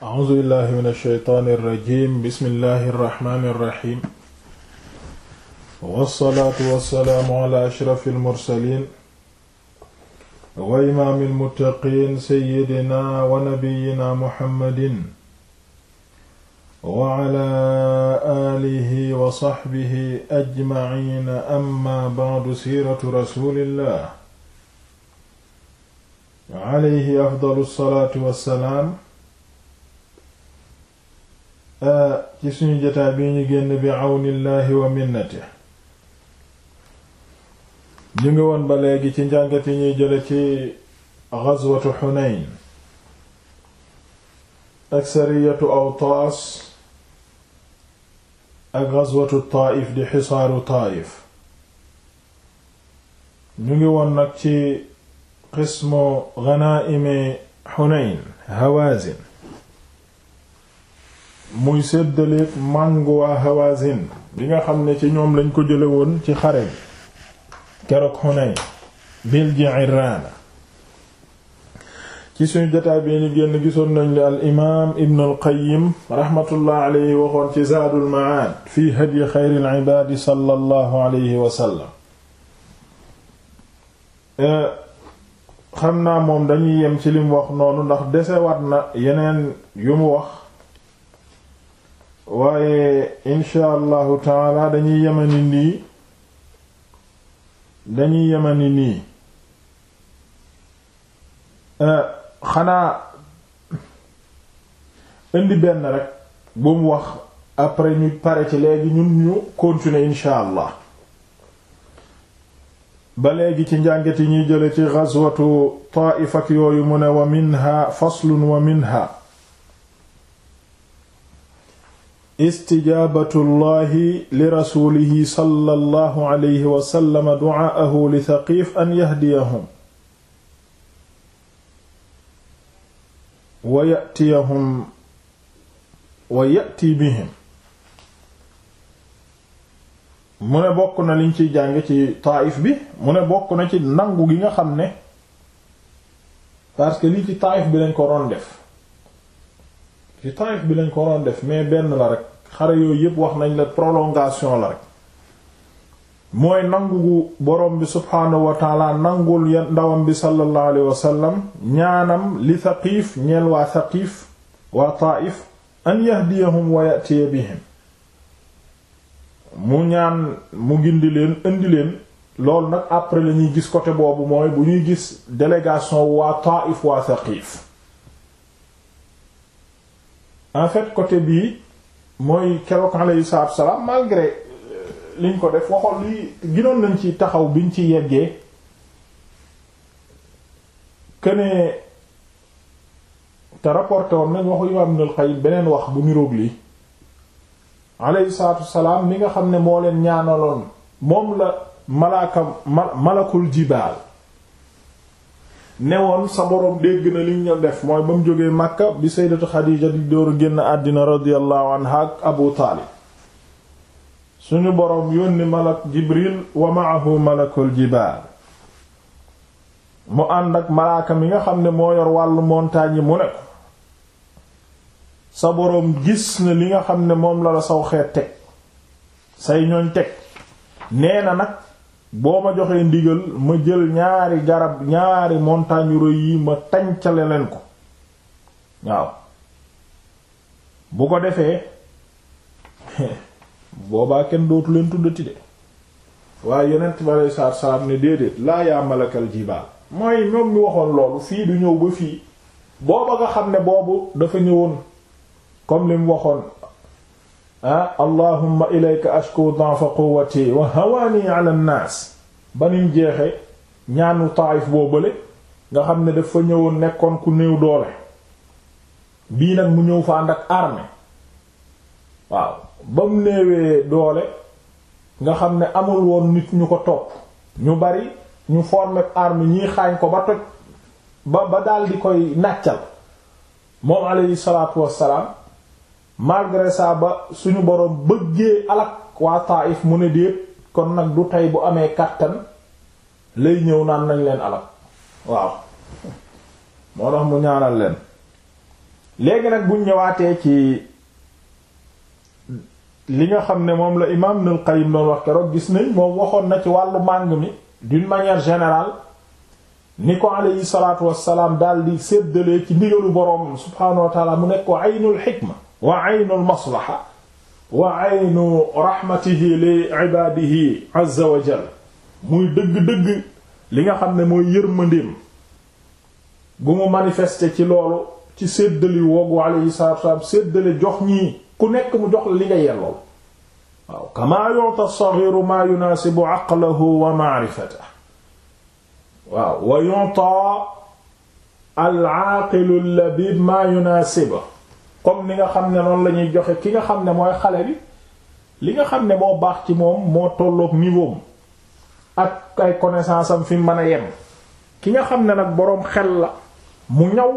a'uuzu billahi min ash-shaytaani irrajim bismillahi irrahmaani irrahim wassalaatu wassalaamu ala ashrafi almursalin wa imaami almuttaqiin sayyidina wa nabiyina muhammadin wa ala aalihi wa saxbihi ajmaciin amma bacdu siiratu rasulillah alayhi afdalu salaatu wassalaam ci suñu jotaay bi ñu génn bi àwnillaahi wa minnati ñu ngi woon ba léegi ci njàngat yi ñuy jële ci ghazwatu Hunayn ak sariyatu Awtaas ak ghazwatu Taa'if di xisaaru Taa'if ñu ngi woon nag ci qismu ghanaa'imi Hunayn Hawaazin muy séddaleek màngu waa Hawazin bi nga xam ne ci ñoom lañ ko jële woon ci xare bi keroog Hunayn bil Ji'irraana ci suñu jotaay bi ñu génn gisoon nañ li al imaam Ibn al Qayyim rahmatullah waxoon ci Zaadul Ma'aad fi hadyi xayril ibaad sallallahu alayhi wa sallam eh, xam naa moom dañuy yem ci lim wax noonu ndax desewaat na yeneen yu mu wax waaye insha allahu taala dañuy yemani nii dañuy yemani nii eh, xanaa indi benn rek bu mu wax après ñu pare ci léegi ñun ñu continuer insha allah ba léegi ci njànget yi ñuy jële ci ghazwatu Taa'if ak yooyu mu ne wa minha faslun wa minha istijabatullahi li rasulihi sallallahu alayhi wa sallam li Thaqif an yahdiyahum wa ya'tiyahum wa ya'ti bihim mu ne bokk na liñ ciy jàng ci Taayif bi mu ne bokk na ci nangu gi nga xam ne parce que lii ci Taayif bi lañ ko doon def ci Taif bi lañ ko waroon def mais benn la rek xare yooyu yépp wax nañ la prolongation la rek mooy nangu borom bi subhaanahu wa taala nangul ndawam bi sallallahu alayhi wa sallam ñaanam li Thaqif ñeel waa Thaqif waa Taif an yahdiyahum wa ya'tiya bihim mu ñaan mu gindi leen indi leen loolu nag après lañuy gis côté boobu mooy bu ñuy gis délégation waa Taif waa Thaqif en fait côté bii mooy keroog alayhi salaatu salaam malgré euh, liñ ko def waxoon li ginoon nañ ci taxaw biñ ci yeggee kënee te rapporté nañ waxu imaam Ibnul Qayyim beneen wax bu niroog li alayhi salaatu salaam li nga xam ne moo leen ñaanaloon moom la malaaka malakul jibaal newoon sa borom dégg na li ñu def mooy ba mu jógee Makka bi sayyidatu Xadiija di dooru génn àddina radiyallahu anha ak Abu Taalib suñu borom yónni malak Jibril wa ma'ahu malakul jibaal mu ànd ak malaaka mi nga xam ne moo yor wàllu montagne yi mu ne ko sa borom gis na li nga xam ne moom la la saw xeet teg say ñooñ teg nee na nag boo ma joxee ndigal ma jël ñaari garab ñaari montagne roy yi ma tancale leen ko waaw bu ko defee boobaa kenn dootu leen tuddati de waaye yonent bi alei salaatu salaam ne déedéet laa yaa malakal jibaal mooy ñoom ñu waxoon loolu fii du ñëw ba fii booba nga xam ne boobu dafa ñëwoon comme li mu waxoon ah allahumma ilayka ashku da'fa quwwati wa hawaani ala an-naas banim jeexe ñaanu taayif boobale nga xam ne dafa ñëwoon nekkoon ku néew doole bii nag mu ñëw fa ànd ak waaw ba néewee doole nga xam ne amul woon nit ñu ko topp ñu bari ñu former armée ñiy xaañ ko ba toj ba ba dal di koy nàccal moom aleyhi salaatu wassalaam malgré saaba suñu boroom bëggee alak waa Taif mu ne déet kon nag du tay bu amee kàttan lay ñëw naan nañ leen alak waaw moo tax mu ñaanal leen léegi nag buñ ñëwaatee ci li nga xam ne moom la imaam Ibnul Qayyim doon wax keroog gis nañ moom waxoon na ci wàllu màng mi d'une manière générale ni ko alayhi wassalaam daal di séddalee ci ndigalu boroom subhaanahu wa mu nekk ko aynul xikma wa aynu almaslaxa wa aynu raxmatihi wa jal muy li nga xam ne mooy yërmandeem gu mu manifesté ci loolu ci séddali woogu alayhi salaatu wa salaam séddale jox ñii ku nekk mu jox la li nga yellool waaw kamaa yu'ta as-saghiru maa yunaasibu wa ma'rifatahu wa yu'ta al-aaqilu al-labiib maa comme ni nga xam ne noonu la ñuy joxe ki nga xam ne mooy xale bi li nga xam ne moo baax ci moom moo tollook niveau ak ay connaissance am fi mën a yem ki nga xam ne nag boroom xel la mu ñaw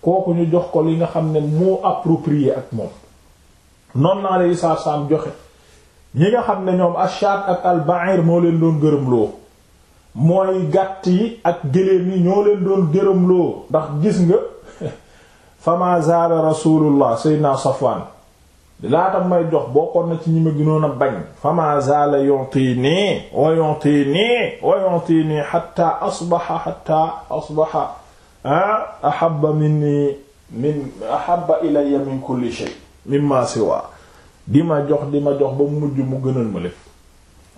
kooku ñu jox ko li nga xam ne moo approprié ak moom noon naa lay saar saam joxe ñi nga xam ne ñoom ashaat ak al moo leen doon gërëmloo mooy gàtt yi ak géléem yi ñoo leen doon gërëmloo ndax gis nga fama zaala rasulullah sayyidina safwan laata may jox bokkoon na ci ñi ma gënoon a bañ fama zaala yu'tini wa yu'tini wa yu'tini hatta asbaha hatta asbaha ahabba minni min ahabba ilayya min kulli shay mimma siwa di ma jox di ma jox ba mu mujj mu gënal ma lépp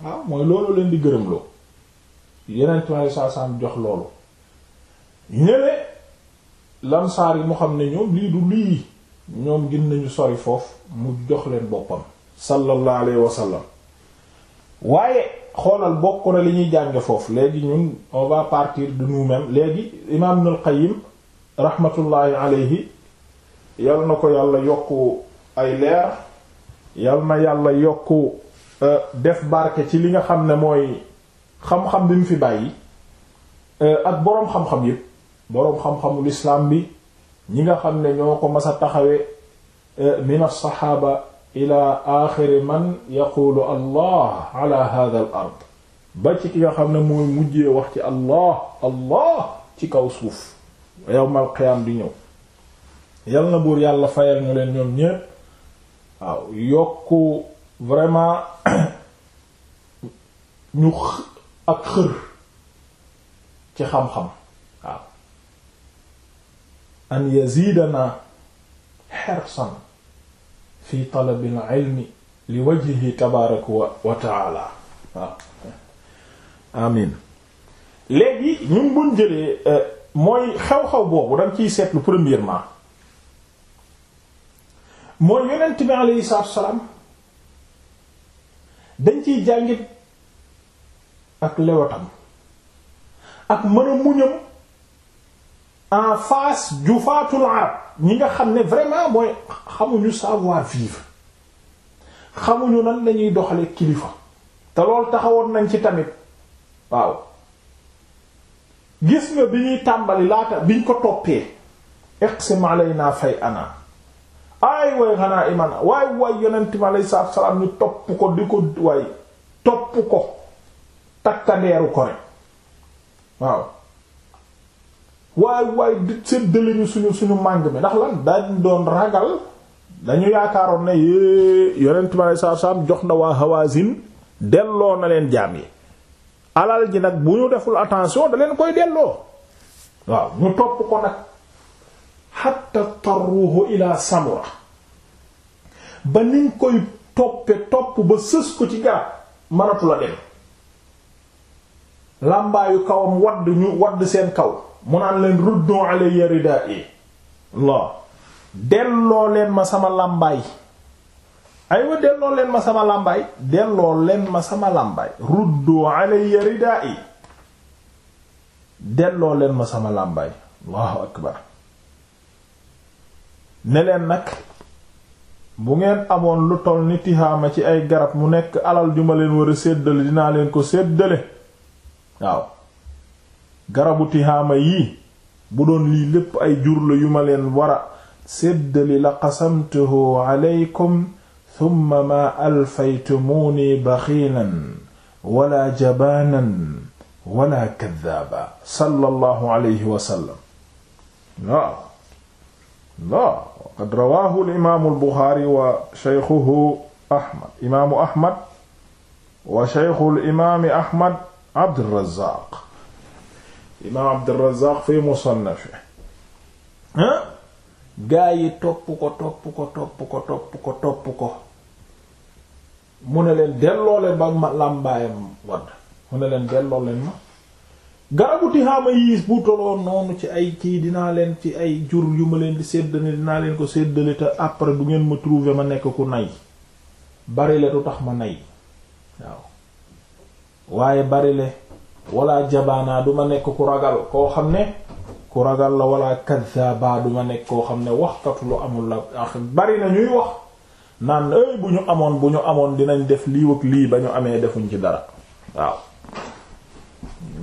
waaw mooy loolu leen di gërëm loo yeneen time saa saam jox loolu ñëwee lamsaar yi mu xam ne ñoom lii du lii ñoom gin nañu sori foofu mu jox leen boppam sallallahu alayhi wa sallam waaye xoolal bokk na li ñuy jànge foofu léegi ñun on va partir de nous léegi imaam Ibnul Qayyim rahmatullahi alayhi yal na ko yàlla yokku ay leer yal na yàlla yokku euh, def barke ci li nga xam ne mooy xam-xam bi mu fi bàyyi euh, ak boroom xam-xam yépp boroom xam-xamu lislaam bi ñi nga xam ne ñoo ko mas a taxawe eh, min alsaxaaba ila axiri man yaquulu allah ala hada xam ne mooy mujjee wax ci allah allah ci kaw suuf yowmal qiyaam di ñëw yal na buur yàlla fayal ñu leen ñoom ñépp waaw yokku vraiment ñu ak xër ci xam-xam an yaziidanaa xersan fi talabil ilmi li wajhihi tabaaraka wa ta'aala waaw amin léegi ñu mun jëlee euh, mooy xew-xew boobu danga ciy seetlu premièrement mooy yonent bi alayhi dañ ciy jàngit ak lewatam ak mën a muñam en face du arab ñi nga xam ne vraiment mooy xamuñu savoir vivre xamuñu nan lañuy doxale kilifa te loolu taxawoon nañ ci tamit waaw gis nga bi ñuy tàmbali laata biñ ko toppee iqsim alayna fay ana ay way xanaa imana waay waay yonent mi alayhi salaatu salaam ñu topp ko di ko waay topp ko takkandeeru ko rek waaw waay waay di séddale suñu suñu màng mi ndax la dañ doon ragal dañu yaakaaroon ne yée yonent bi alei satu jox na waa Hawazin delloo na leen jaam yi alal ji nag bu ñu deful attention da leen koy delloo waaw ñu topp ko nag hatta tarruhu ila samura ba niñ koy toppe topp ba sës ko ci garab maratu la dem làmbaayu kawam wadd ñu wadd seen kaw mu naan leen ruddu alayya ridaa'i Allah delloo leen ma sama làmbaay aywa delloo leen ma sama làmbaay delloo leen ma sama làmbaay ruddu alayya ridaa'i delloo leen ma sama làmbaay Allahu akbar ne leen nag bu ngeen amoon lu toll ni tihaama ci ay garab mu nekk alal ju ma leen war a séddale dinaa leen ko séddale waaw garabu tihaama yii bu doon lii lépp ay jur la yu ma leen war a séddali la qasamtuhu aleykum thumma ma alfaytumuuni baxiilan wala jabaanan wala kaddaaba sallallahu alayhi wa sallam waaw waaw qad rawaahu alimaamu albuxaari wa shaykhuhu ahmad imaamu ahmad wa shaykhu alimaami ahmad abdurrazaaq imaam Abdurrazzaq mu musannafi ah gaa yi topp ko topp ko topp ko topp ko mu ne leen delloo leen ba làmbaayam wadd mu ne leen delloo leen ma garabu tixaama yiis bu tolloon noonu ci ay kii dinaa leen ci ay jur yu ma leen di séddale dinaa leen ko séddale te après bu ngeen ma trouver ma nekk ku nay bari le du tax ma nay waaw waaye bari le wala jabaanaa du ma nekk ku ragal koo xam ne ku ragal la wala kaddaaba du ma nekk koo xam ne waxkatu lu amul la bari na ñuy wax naan ay bu ñu amoon bu ñu amoon dinañ def lii lii ba ñu amee defuñ ci dara waaw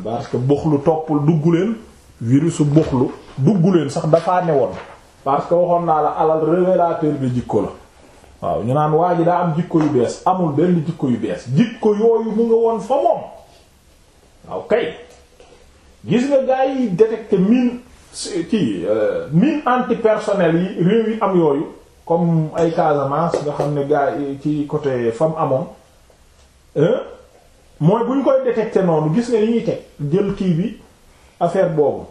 parce que buxlu toppul dugg leen virusu buxlu dugg leen sax dafaa ne woon parce que waxoon naa la alal révélateur de jikko la waaw ñu naan waa ji daa am jikko yu bees amul benn jikko yu bees jikko yooyu mu nga woon fa moom waaw kay gis nga gaa yi détecté mine ci euh, mine antipersonnel yi réew yi am yooyu comme ay Casamance nga xam ne gaa yi ci côté fam amoon mooy buñ koy détecté noonu gis nga li teg jël kii bi affaire boobu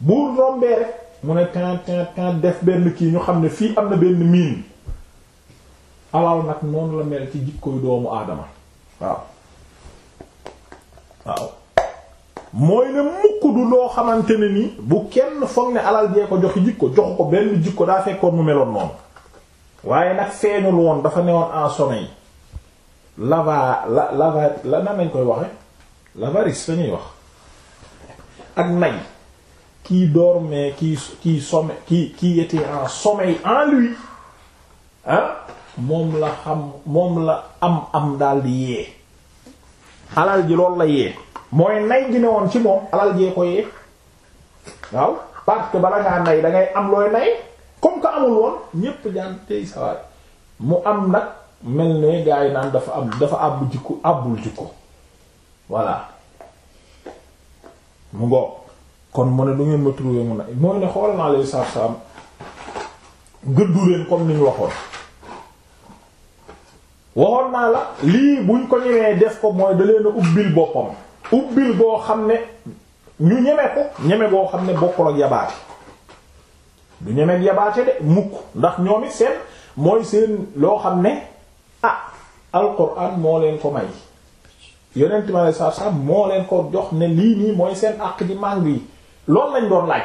bu rombee rek mu ne tin tin tin def benn kii ñu xam ne fii am na benn mine alal nag noonu la mel ci jikkooy doomu aadama waaw waaw mooy ne mukk du loo xamante ne ni bu kenn foog ne alal jee ko joxi jikko joxu ko benn jikko daa fekkoon mu meloon noonu waaye nag feeñul woon dafa newoon en sommeil lava la lava la nan lañ koy waxe l'avarice lañuy wax ak nay kii dormait qui kii somme qui kii était en sommeil en lui ah moom la xam moom la am am daal di yee alal ji loolu la yee mooy nay gi ne woon ci moom alal jee ko yee waaw parce que bala ngaa nay da am looy nay comme que amul woon ñépp jaan tey sawaay mu am nag mel ne gaa yi naan dafa am dafa àbb jikko àbbul jikko voilà mu ngoo kon mu ne lu ngeen ma trouver mu na mooy ne xoolal naa saab saab gëddu leen comme ni waxoon waxoon naa la lii buñ ko ñemee def ko mooy da leen a ubbil boppam ubbil boo xam ne ñu ñeme ko ñeme boo xam ne bokkul ak yabaate du ñeme yabaate de mukk ndax ñoom seen mooy seen loo xam ne ah alquran moo leen ko may yonent ma lay saab saab moo leen ko jox ne lii nii mooy seen àq ji màng yi loolu lañ doon laaj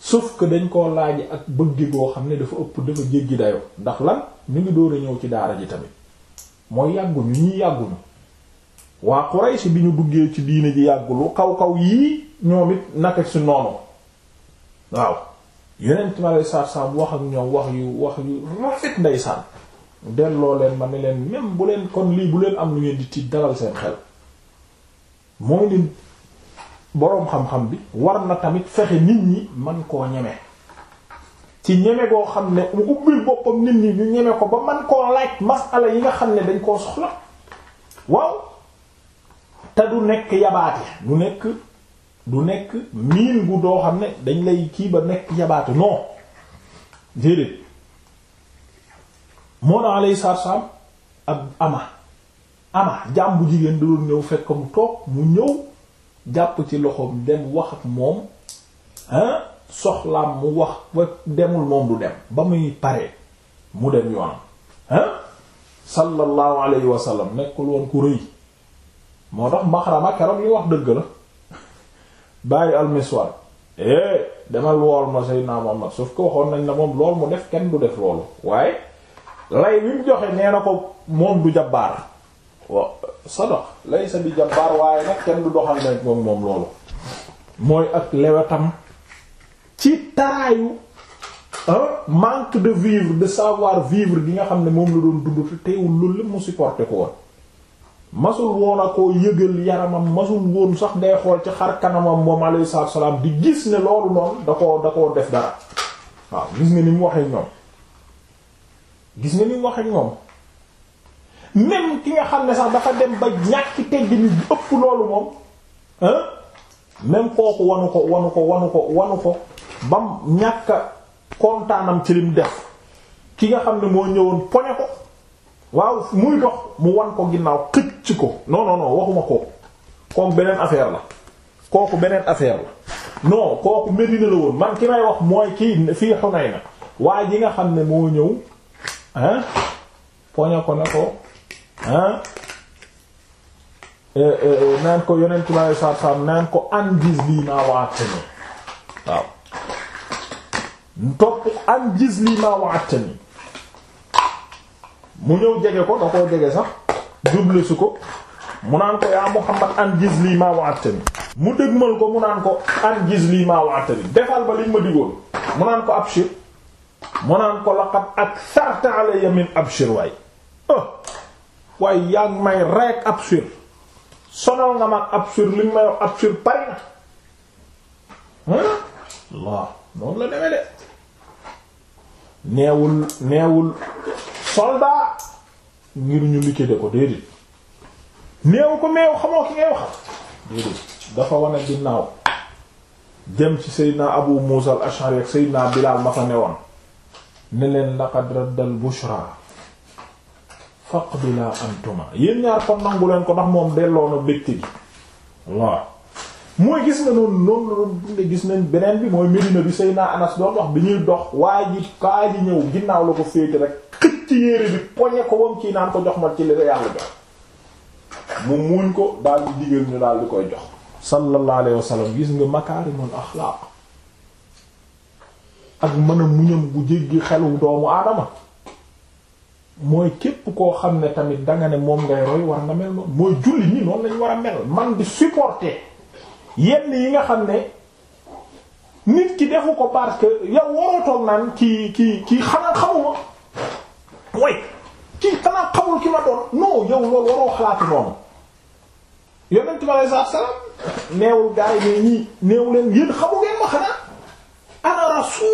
sauf ko dañ koo laaj ak bëgg goo xam ne dafa ëpp dafa jéggi dayoo ndax lan ñu ngi door a ñëw ci daara ji tamit mooy yàgguñu ñii yàgguñu waa Quraysh bi ñu duggee ci diine ji yàggulu kaw kaw yii ñoom it naka si noonu waaw yeneen ma lay saar saar bu wax ak ñoom wax yu wax yu rafet ndeysaan delloo leen ma ne leen même bu leen kon lii bu leen am lu ngeen di tiit dalal seen xel mooy leen boroom xam-xam bi war na tamit fexe nit ñi man koo ñeme ci ñeme goo xam ne mu boppam nit ñi ñu ñeme ko ba man koo laaj masala yi nga xam ne dañ koo soxla waaw te du nekk yabaate du nekk du nekk miin bu doo xam ne dañ lay kii ba nekk yabaate non déedéet moo naa lay sarsam ab ama ama jaam jigéen da doon ñëw fekk mu toog mu ñëw jàpp ci loxoom dem wax ak moom ah soxlaam mu wax ba demul moom du dem ba muy paree mu dem yoonam ah sallallahu alayhi wa sallam nekkul woon ku rëy moo tax maxarama keroog li wax dëgg la bàyyi almiswar eh demal wool ma Seydina Muhammad sauf que waxoon nañ la moom lool mu def kenn du def loolu waaye lay wi mu joxe nee na ko moom du jabbaar waaw sadax laysa kenn du doxal nag moom moom loolu mooy ak lewetam ci taraayu manque de vivre de savoir vivre gi nga xam ne moom la doon dund te teewul loolu mu supporté ko woon masul woon a yëgal yaramam masul woon sax day xool ci xar kanamam moom alayhi salaatu salaam di gis ne loolu noonu da koo da koo def dara waaw gis nga ni mu nga ni ki nga xam ne sax dafa dem ba ñàkk tegg ni ëpp loolu moom hein kooku wanu ko wanu ko wanu ko wanu ko bam ñàkk kontaanam ci lim def ki nga xam ne moo ñëwoon poñe ko waaw muy dox mu wan ko ginnaaw xëcc ko non non waxuma kooku kooku beneen affaire la kooku beneen affaire la non kooku Medina la woon man ki may wax mooy kii fii Hunayna waaye ji nga xam ne moo ñëw hein poñe ko ne ko hein eh, eh, naan ko yonent bi sallallahu alayhi naan ko andis lii maa waa waaw topp an gis lii maa wa'adtani mu ñëw jege ko da koo jege sax juble si ko mu naan ko yaa Muhammad an gis lii maa wa'adtani mu dëgmal ko mu naan ko an gis lii maa wa'adtani defal ba liñ ma digoon mu naan ko abshir mu naan ko laqad aktharta alayya min abshir waay oh. waaye yaa ngi may rek abshir sonal nga ma abshir li may wax abshir pari na ah waaw noonu la demee de. neewul neewul soldat ngir ñu liquider ko déedéet neewu ko meew xamoo ki ngay wax déedéet dafa wane ginnaaw jëm ci Seydina Abu Musa al-Ash'ari ak Bilaal ma fa newoon ne leen laqad raddal bushra faqbila antuma yéen ñaar kon nangu leen ko ndax moom delloo na bégte gi waaw mooy gis na noonu noonu la doon dundee gis nañ beneen bi mooy Medina bi Seyna Anas doon wax bi ñuy dox waa ji kaa ji ñëw ginnaaw la ko féete rek xëcc yére bi poñe ko wam ci naan ko jox ma ci li yàlla jox mu muñ ko daal di ñu daal di koy jox sallallahu alayhi wa sallam gis nga makaarimul axlaaq ak mën a muñam gu jéggi xelu doomu aadama mooy képp koo xam ne tamit danga ne moom ngay roy war nga mel noonu mooy julli ñi noonu lañ war a mel man di supporter yenn yi nga xam ne nit ki defu ko parce que yow waroo toog naan kii kii kii xanaa xamuma way kii xanaa xamul ki ma doon non yow loolu waroo xalaati noonu yonent bi alei salaatu salaam neewul gars yi ne ñii neewu leen yéen xamu ngeen ma xanaa ana waxu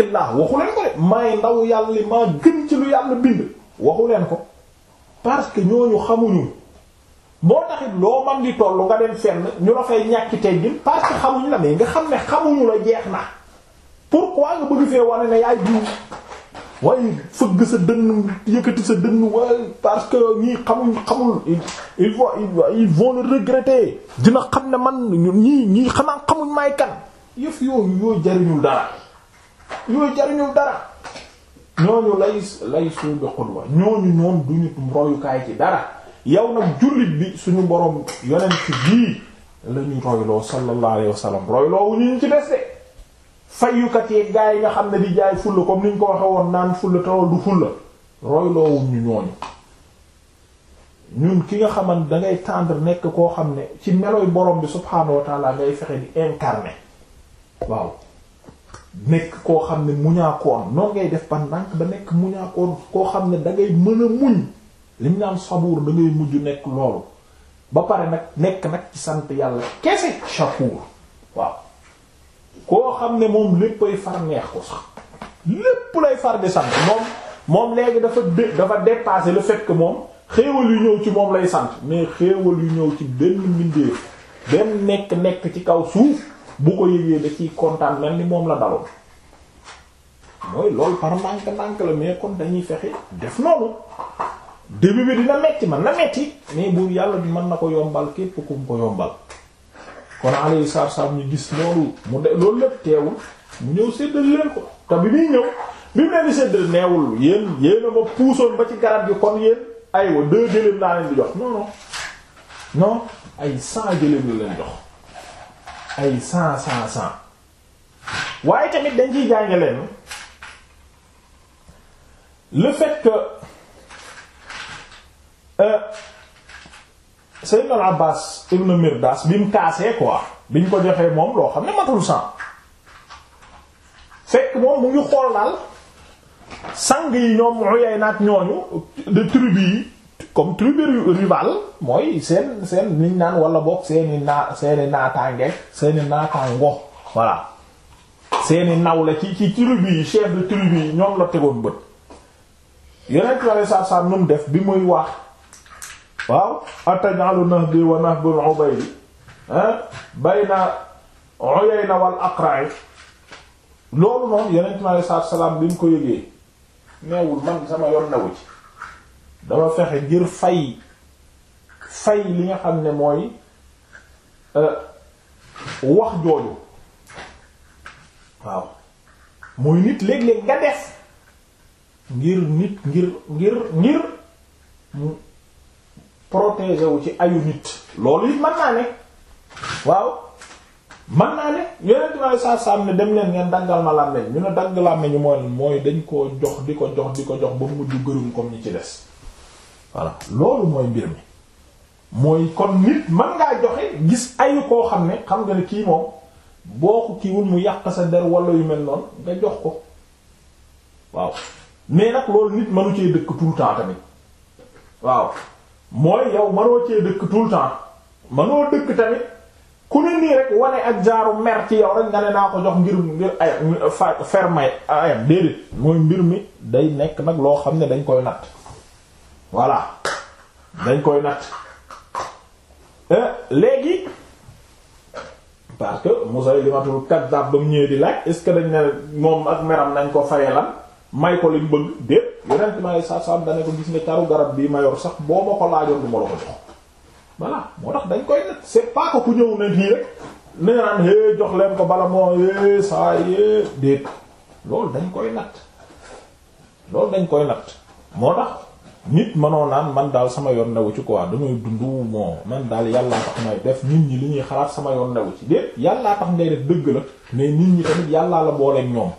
leen ko de maay ndaw yàlla maa gën ci lu yàlla bind waxu leen ko parce que ñooñu xamuñu boo taxit loo man di tollu nga dem fenn ñu la fay ñàkki teggin parce que xamuñ la mais nga xam ne xamuñu la jeex na pourquoi nga bëgg fee wane ne yaay jiw waaye fëgg sa dënn yëkkati sa dënn waaye parce que ñii xamuñ xamul il faut ils vont le regretter dina xam ne man ñii ñii xamaa xamuñ may kan yëf yooyu yooyu jariñul dara yooyu jariñul dara ñooñu lay lay suubi xulwa ñooñu ñoom duñu royukaay ci dara yow nag jullit bi suñu borom yonent bii la ñu royloo sallallahu alayhi royloo wu ñu ci des de fayyukat yeeg gaa yi nga xam ne di jaay fulla comme ni ñu ko waxee woon naan fulla tawal du fulla royloo wu ñu ñooñu ñun ki nga xamante da ngay tendre nekk koo xam ne ci meloy borom bi subhaanahu wa taala ngay fexe di incarner waaw nekk koo xam ne muñaakoon noonu ngay def ba ndànk ba nekk muñaakoon koo xam ne dangay mën a muñ. liñ naan sabuur da ngay mujj nekk loolu ba pare nag nekk nag ci sant yàlla kese shakuur waaw koo xam ne moom léppay far neex ko sax lépp lay far di sant moom moom léegi dafa dafa dépasser le fait moom xéewal yu ñëw ci moom lay sant mais xéewal yu ñëw ci benn mbindeef benn nekk nekk ci kaw suuf bu ko yëgee da ciy kontaan mel ni moom la daloon mooy loolu par manque manque la mais kon dañuy fexe def noonu début bi dina metti man na metti mais buur yàlla bi mën na ko yombal képp ku mu ko yombal kon alayhi salaam ñu gis loolu mu de loolu lépp teewul mu ñëw séddal leen ko te bi muy ñëw bi mu leen di séddal neewul yéen yéen a ma puusoon ba ci garab gi kon yéen aywa deux gëléem laa leen di jox non non non ay cent gëléem la leen jox ay cent cent cent waaye tamit dañ ciy jànge leen le fait Euh, Seydina al Abbaas ibn Mirdaas bi mu kaasee quoi biñ ko joxee moom loo xam ne matul sang fekk moom mu ngi xool daal sang yi ñoom Uyayna ak ñooñu de tribu yi comme tribu rival mooy seen seen niñ naan wala boog seeni naa seeni naataange seeni naataango voilà seeni nawle ci ci tribu yi chef de tribu yi ñoom la tegoon bët yeneen ci wàllu saabsaab nu mu def bi muy wax. waaw ataj'alu nahdi wa nahbu al-'ubaydi ah, bayna Uyayna wal Aqra'i loolu noonu yonent mi alayhi salaatu salaam bi mu ko yëgee neewul man sama yoon newu ci dama fexe ngir fay fay li nga xam ne mooy euh, wax jooju waaw mooy nit léeg-léeg nga def ngir nit ngir ngir ngir protéger wu ci ayu nit loolu it mën naa ne waaw mën naa ne yonent bi saa saa ne dem leen ngeen daggal ma làmmeñ ñu ne dagg làmmeñ ñu mooy mooy dañ koo jox di ko jox di ko jox ba mujj gërëm comme ñi ci des voilà loolu mooy mbir mooy kon nit mën ngaa joxe gis ayu koo xam ne xam nga ne kii moom boo ko kiiwul mu yàq sa der wala yu mel noonu nga jox ko waaw mais nag loolu nit mënu cee dëkk tout tamit waaw mooy yow manoo cee dëkk tout le temps manoo dëkk tamit ku ne nii rek wane ak jaaru mer ci yow rek nga ne naa ko jox ngir ngir ayam fermay ayam déedéet mooy mbir mi day nekk nag loo xam ne dañ koy natt voilà dañ koy natt euh, léegi parce que Musaylimatul Kaddaab ba mu ñëwee di laaj est-ce dañ ne moom ak meram nañ ko faye lan may ko liñ bëgg déet yonent ma lay saab dana ko gis ne taru garab bii ma yor sax boo ma ko laajoon du ma la ko jox voilà moo tax dañ koy nag c'est pas que ku ñëw ne nii rek nee naan hee jox leen ko bala moo hee saa yee déet loolu dañ koy natt loolu dañ koy natt moo tax nit mënoo naan man daal sama yoon newu ci quoi damay dund bon man daal yàllaa tax may def nit ñi li ñuy xalaat sama yoon newu ci déet yàllaa tax ngay def dëgg la mais nit ñi tamit la booleeg ñoom.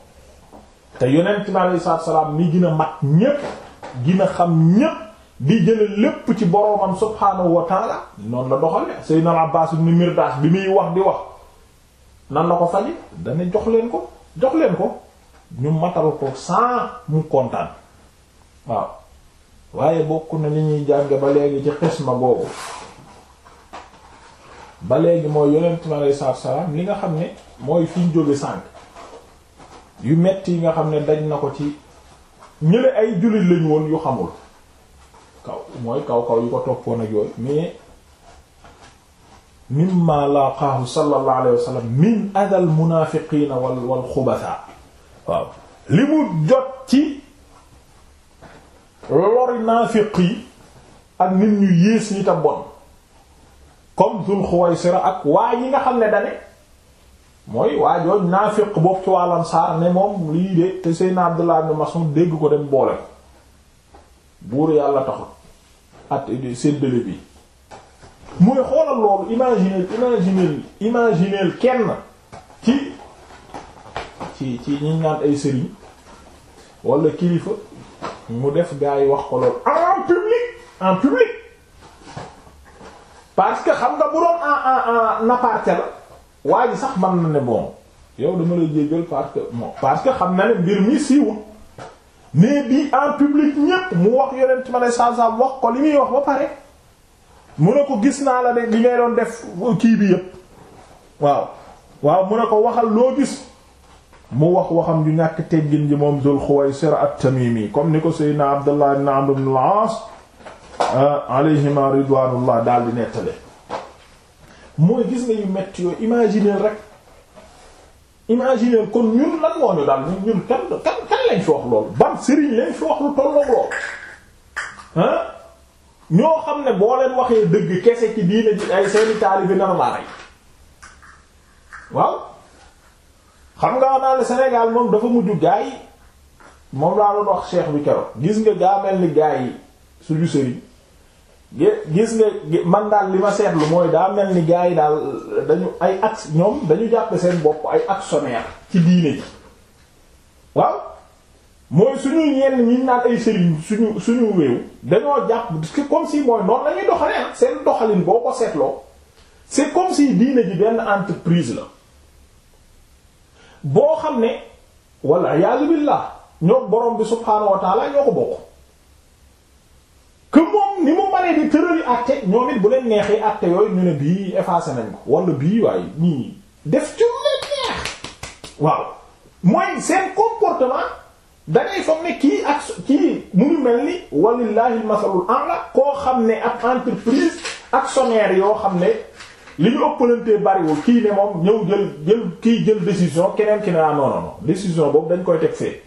te yonent bi alayhi salaatu salaam mi gina a mat ñépp gina xam ñépp di jële lépp ci boroomam subhaanahu wa taala noonu la doxale Seydina Abbaas ibn Mirdaas bi muy wax di wax na la ko faje dana jox leen ko jox leen ko ñu matal ko sans mu kontaan waaw waaye bokk na li ñuy jàng ba léegi ci xisma boobu ba léegi mooy yonent bi alayhi salaatu salaam li nga xam ne mooy fiñ ñu jóge sànk yu metti yi nga xam ne dañ na ko ci ñële ay jullit lañ woon yu xamul kaw mooy kaw kaw yu ko toppoon ak yooyu mais mimma laqaahu sallallahu alayhi wa sallam min adal munafiqina wal wal xubatha waaw li mu jot ci lori naafiq yi ak nit ñu yées ñi bon comme Dul Xuwaysira ak waa yi nga xam ne dane mooy waa jooju naafiq bopp ci wàllam saar ne moom lii de te Seydina Abdullah ibn Mas'ud dégg ko dem boole ko buur yàlla taxut at séddale bi mooy xoolal loolu imaginer imaginer imaginer kenn ci ci ci ñi naan ay sëriñ wala kilifa mu def gaa yi wax ko loolu en public en public parce que xam nga bu doon en en en la. waa sax man na ne bon yow dama lay jéggal parce que parce que xam na ne mbir mi siiwul mais bii en public ñépp mu wax yonent ma ne saab-saab wax ko li muy wax ba pare mu ne ko gis naa la de li ngay doon def kii bi yépp waaw waaw mu ne ko waxal loo gis mu wax waxam ju ñàkk teggin ji moom Zul Xuwaysir at-Tamimi comme ni ko Seydina Abdullah ibn Amr ibn al-As ah, alayhima ridwanullah daal di nettale mooy gis nga yu metti yooyu imaginer rek imaginer kon ñun lan moo ñu daal ñun kan kan kan lañ fi wax lool ban sëriñ lañ fi ñoo xam ne boo leen waxee dëgg kese ci diine ji ay seeni taalibe normal waaw xam nga naa ne Sénégal moom dafa mujj gaa yi moom laa doon wax cheikh bi keroog gis nga gaa mel ni gaa yi suñu sëriñ. gis nga man daal li ma seetlu mooy daa mel ni gars yi daal dañu ay axe ñoom dañu jàpp seen bopp ay actionnaire ci diine ji waaw mooy suñu ñenn ñi naan ay sëriñ suñu suñu réew dañoo jàpp comme si mooy noonu lañuy doxalee ah, seen doxalin boo ko seetloo c'est comme si diine ji benn entreprise la boo xam ne walla iyaazu billaah ñoo borom bi subhaanahu ñoo ko bokk ni mu mënee di tërali àtte ñoom it bu leen neexee àtte yooyu ñu ne bii effacé nañ ko wala bii waaye ñii def ci lu neex waaw mooy seen comportement dangay foog ne kii ak kii mu ngi mel ni walillahi masalul la koo xam ne ak entreprise actionnaire yoo xam ne li ñu ëppalantee bariwul kii ne moom ñëw jël jël kii jël décision keneen ki ne ah non décision boobu dañ koy teg fee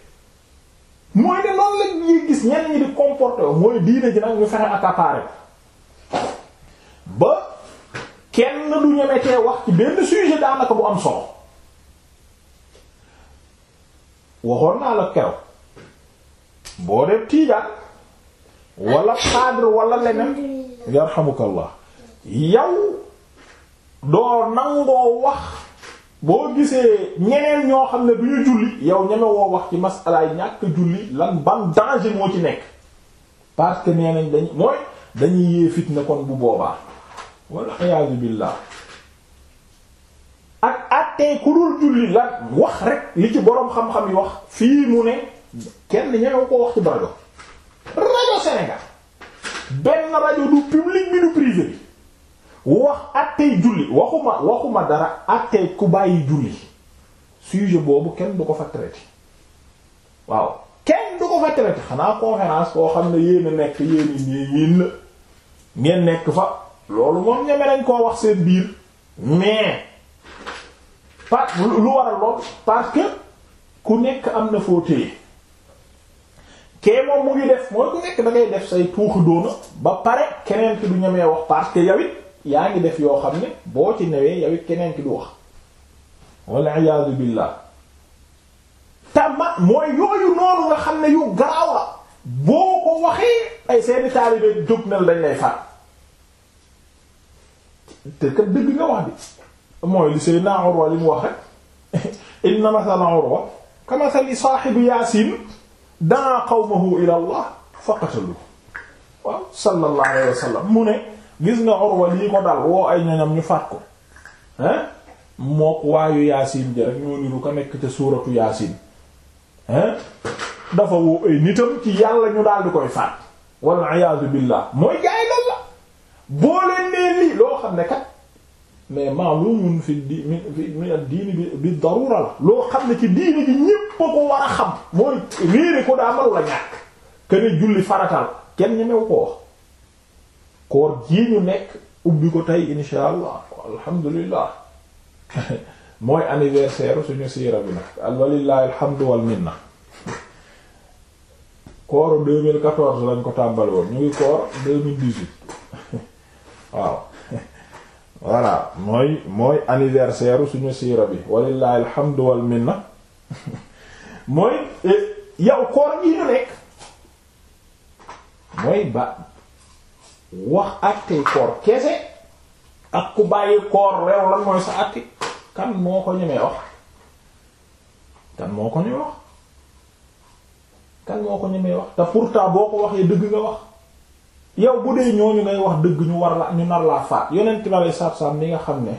mooy de noonu la gis ñenn ñi di comporter mooy diine ji nag ñu fexe accaparer ba kenn du ñeme wax ci benn sujet daanaka bu am solo waxoon naa la keroog boo dem tiijaan wala xaadir walla leneen yarhamukallah yow doo nangoo wax boo gisee ñeneen ñoo xam ne du ñu julli yow ñeme wax ci masalaay ñàkk julli lan ban danger moo ci nekk parce que nee nañ dañ mooy dañuy yee fitna kon bu boobaa walla iyaazu billaah ak àttee ku dul julli lan wax rek li ci boroom xam-xam yi wax fii mu ne kenn ñemewu ko wax ci rajo rajo Sénégal benn rajo du public bi du privé bi wax attey julli waxuma waxuma dara attey ku bàyyi julli sujet boobu kenn du ko fa traité waaw kenn du ko fa traité xanaa conférence koo xam ne yéen a nekk yéen i ñin la ngeen nekk fa loolu moom ñeme nañ koo wax seen biir mais par lu waral lool parce que ku nekk am na foo téye kee moom mu ngi def mooy ku nekk da def say tuuxi doona ba pare keneen ki du ñemee wax parce yawit yaa ngi def yoo xam ne boo ci newee yow it keneen ki du wax walla iyaadu billaah tama mooy yooyu noonu nga xam ne yu garaaw la boo ko waxee ay seeni taalibe jóg na dañ lay faat te kat dëgg nga wax bi mooy li Seydina Urwa li mu wax rek inna masala Urwa kamasali saaxibu Yaasin daa qawmahu ila Allah faqatalu waaw sallallahu alayhi wa sallam mu ne gis nga Urwa lii ko dal woo ay ñoñam ñu faat ko hein mook waayu yaasin ja rek ñoo niru ko nekk ca suuratu yaasin hein dafa woo ay nitam ci yàlla ñu daal di koy faat walla iyaatu la boo leen lii loo xam ne kat mais ma'lumun fi di min ad-diini la loo xam ne ci diini bi ñépp ko war xam mooy réere ko daa maru la ñàkk kër julli faratal kenn ñemewu ko wax koor jii ñu nekk ubbi ko tey insha allah alhamdulillah mooy anniversaire suñu siira bi nag walillahi alhamdu wal minna kooru 2014 lañ ko tàmbali woon ñu ngi koor 2018 waaw voilà mooy mooy anniversaire suñu siira bi walillahi alhamdu wal minna mooy eh, yow koor jii ñu nekk mooy ba wax àttee koor kese ak ku bàyyi koor reew lan mooy sa àtte kan moo ko ñemee wax kan moo ko ñemee wax kan moo ko ñemee wax te pourtant boo ko waxee dëgg nga wax yow bu dee ñu ngay wax dëgg ñu war la ñu nar laa faat yonent ma lay saab-saab mi nga xam ne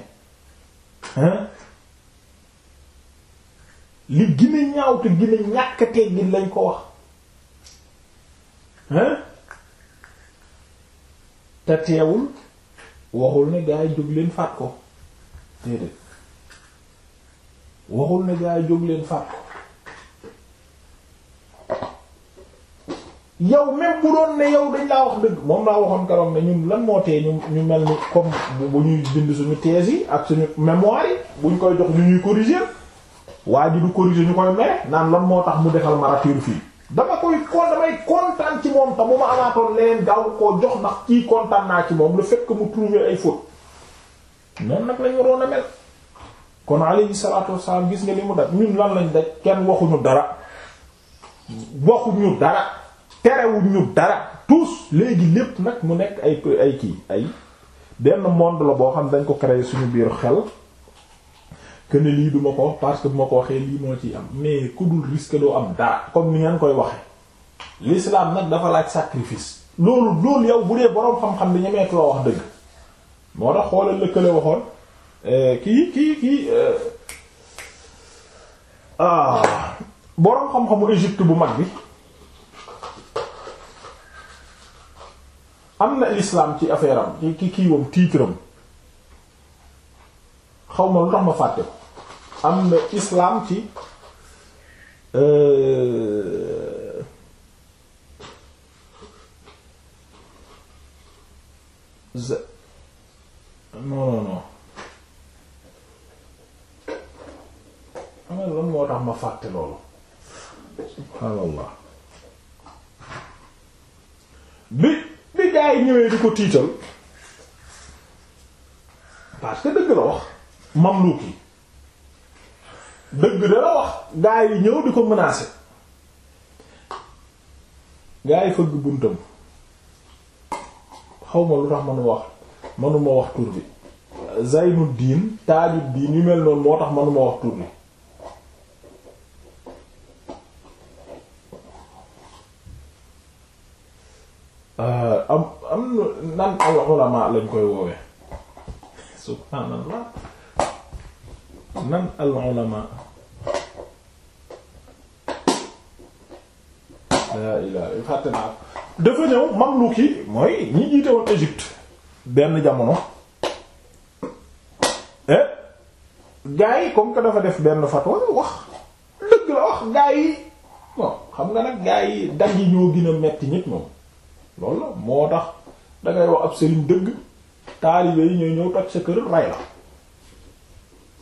li gën a ñaaw te gën a ñàkk teggin lañ ko wax hein te teewul waxul ne gaa yi jóg leen faat ko déedéet waxul ne gaa yi jóg leen faat ko yow même bu doon ne yow dañ laa wax dëgg moom laa waxoon karoom ne ñun lan moo tee ñu ñu mel ni comme bu ñuy bind suñu thèse yi ak suñu mémoire yi buñ koy jox du ñuy corriger waa ji du corriger ñu koy mere naan lan moo tax mu defal marature fii dama koy kon damay kontaan ci moom te bu ma amaatoon leneen gaaw koo jox ndax kii kontaan naa ci moom le fait que mu trouver ay fautes noonu nag lañu waroon a mel kon alayhi salaatu wassalaam gis nga li mu daj ñun lan lañ daj kenn waxuñu dara waxuñu dara terewuñu dara tous léegi lépp nag mu nekk ay ay kii ay benn monde la boo xam dañ ko créer suñu biir xel que ne lii du ma ko parce que bu ma ko waxee lii moo ciy am mais ku dul risque doo am dara comme ni ngeen koy waxee l'islam nag dafa laaj sacrifice loolu loolu yow bu dee boroom xam-xam bi ñemeet loo wax dëgg moo tax xoolal lëkkale waxoon eh, kii kii kii eh, ah boroom xam-xamu Égypte bu mag bi am na l'islam ci affaire am ci kii kiiwam tiitram xaw ma lu tax ma fàtte ko am na islaam ci euh, non non non moo tax ma fàtte loolu subhaanallah bi bi gaa yi ñëwee ko tiital parce que dëgg la dëgg da la wax gaa yi ñëw di ko menacer gaa yi fëgg buntam xaw ma lu tax manuma wax manuma wax tur bi Zaynuddin Tajuddin yu mel noonu moo tax manuma wax tur bi euh, am am nan al ulama lañ koy woowee subhaanallah nan al ulama fàtte naa dafa ñëw mamluk yi mooy ñi jiite woon Égypte benn jamono eh gaa comme que dafa def benn fatwa wax dëgg la wax gaa yi bon xam nga nag gaa yi dagg yi ñoo gën metti ñépp moom loolu la moo tax dangay wax ab sëriñ dëgg taalibe yi ñooy ñëw toj sa kër ray la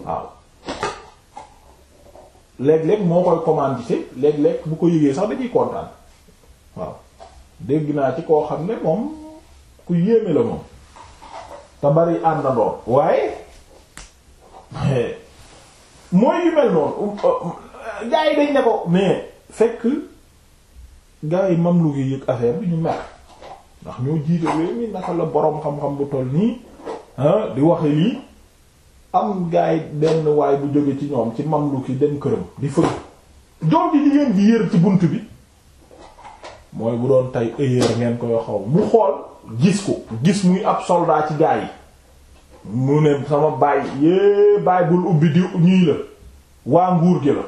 waaw léeg-léeg moo koy ci léeg-léeg bu ko yëgee sax dañuy kontaan waaw dégg naa ci koo xam ne moom ku yéeme la moom te bari àndandoo waaye mooy yu mel noonu um, uh, um, gaa yi dañ ne ko mais fekk gaa yi mamlu gi yëg affaire bi ñu mer ndax ñoo jiite réew mi naka la boroom xam-xam bu toll nii ah, di waxe lii am gaay benn waay bu jóge ci ñoom ci mamluki dem këram di fëgg joom ji jigéen bi yër ci bunt bi mooy bu doon tey heure ngeen koy xaw mu xool gis ko gis muy ab soldat ci gaay yi mu ne sama baay yée baay bul ubbi di ñii la waa nguur gi la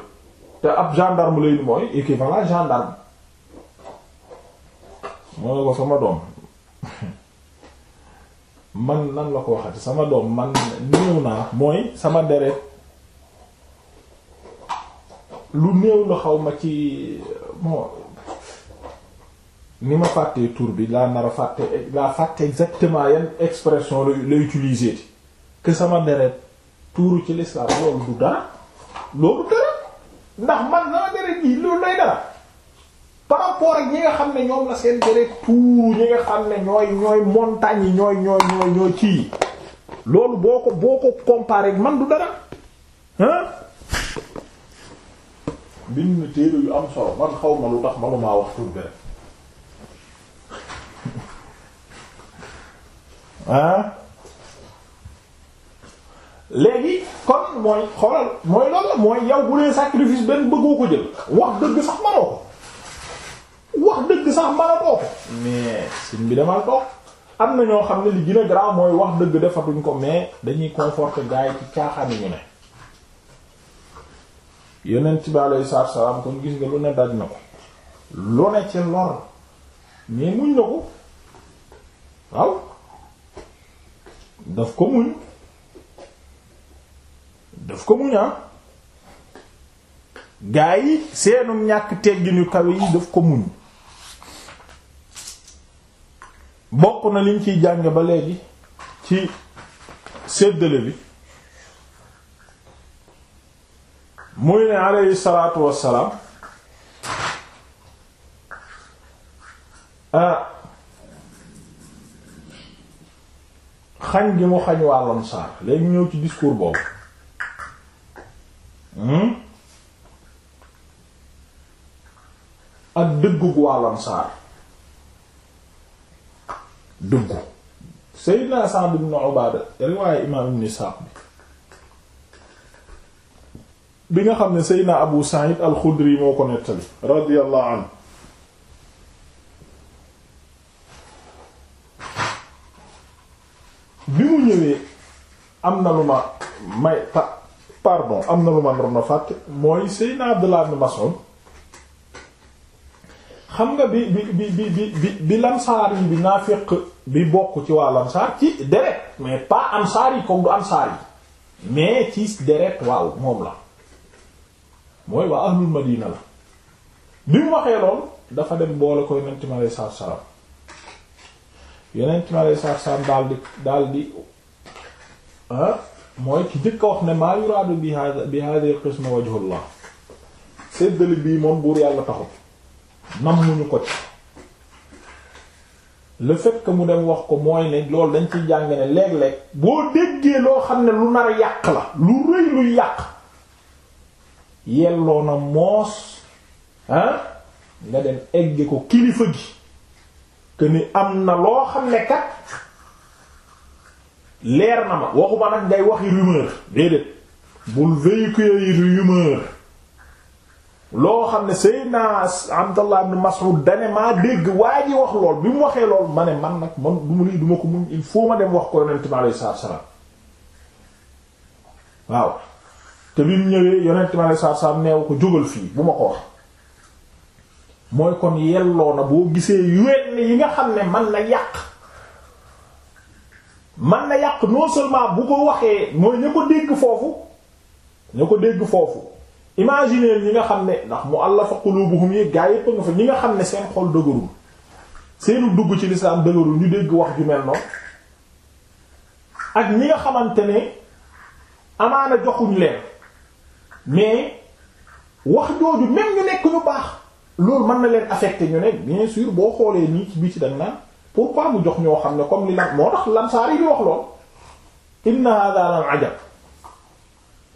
te ab gendarme lay mooy équivalent gendarme moo ne ko sama doom man nan la ko waxati sama doom man néew naa mooy sama deret lu néew la xaw ma ci moo ni ma fàttee tur bi laa nar a fàtte laa fàtte exactement yan expression la la utiliser sama deret tuuru ci l'islam loolu du dara loolu dara ndax man sama deret yi loolu lay dara par rapport ak ñi nga xam ne ñoom la seen deret tout ñi nga xam ne ñooy ñooy montagnes yi ñooy ñooy ñooy ñooy ci loolu boo ko boo ko comparé man du dara hein bind na téere yu am solo man xaw ma lu tax manumaa wax tur bi rek ah léegi kon mooy xoolal mooy loolu mooy yow bu dee sacrifice benn bëggoo ko jël wax dëgg sax manoo ko sax mënatoo ko mais sin bi demal toog am na ñoo xam ne li gën a mooy wax dëgg defatuñ ko mais dañuy conforter gars yi ci caaxaan ñu ne yonent bi alayhi salaatu salaam kon gis nga lu ne daj na ko lu ne ci lor mais muñ na ko waaw daf ko muñ daf ko muñaa ah. gaa yi seenu ñàkk tegginu kawe yi daf ko muñ bokk na liñ ciy jàng ba léegi ci séddale bi muy ne aleyhi salaatu wassalaam xañ gi mu xañ waa lamsaar léegi ñëw ci discours boobu hmm? ak dëggug waa lamsaar dëggu Seydina Sa'd ibn Ubaada riwaaye imaam ibn Sa'd bi nga xam ne Seydina Abu Sa'id al-Khudri moo ko nettali radiyallahu anhu bi mu ñëwee am na lu ma may pa pardon am na lu ma ron a fàtte mooy Seydina Abdullah ibn Mas'ud xam nga bi bi bi bi bi bi lamsaar yi bi naafiq bi bokk ci waa lamsaar ci deret mais pas ansaar yi comme du ansaar yi mais ci deret waaw moom la mooy waa ahlul madina la bi waxee lool dafa dem boole ko yonent mi alayhi salaatu salaam yonent mi alayhi salaatu daal di daal di ah mooy ki njëkk wax ne maa yuraadu bi hada bi hadhihi al-qisma wajhullah bii moom buur yàlla taxut nammuñu ko ci le fait mu dem wax ko mooy ne loolu dañ ciy jàng ne léeg-léeg boo déggee loo xam ne lu nar a yàq la lu rëy lu yàq yelloo na moos ah nga dem egge ko kilifa gi que ni am na loo xam ne kat leer na ma waxuma nag ngay waxi rumeur déedéet bul véhiculer yi rumeur loo xam ne Seydina Abdallah ibn Mas'ud dane maa dégg waa ji wax lool bi mu waxee lool ma ne man nag man du ma lii du ko muñ il faut ma dem wax ko yonent bi alayhi salaatu salaam waaw te bi mu ñëwee yonent bi alayhi salaam neew ko jógal fii bu ma ko wax mooy kon yelloo na boo gisee yenn yi nga xam ne man na yàq man na yàq non seulement bu ko waxee mooy ña ko dégg foofu ña ko dégg foofu imaginer ñi nga xam ne ndax mu'allafa qulubuhum yi gaa yëpp nga fa ñi nga xam ne seen xool dëgërul seenu dugg ci lislaam dëgërul ñu dégg wax ju mel noonu ak ñi nga xamante ne amaana joxuñ leen mais wax jooju même ñu nekk ñu baax loolu mën na leen affecté ñu ne bien sûr boo xoolee nii ci biti dañ naan pourquoi mu jox ñoo xam ne comme li lan moo tax lamsaar yi di wax lool inna hada lan ajab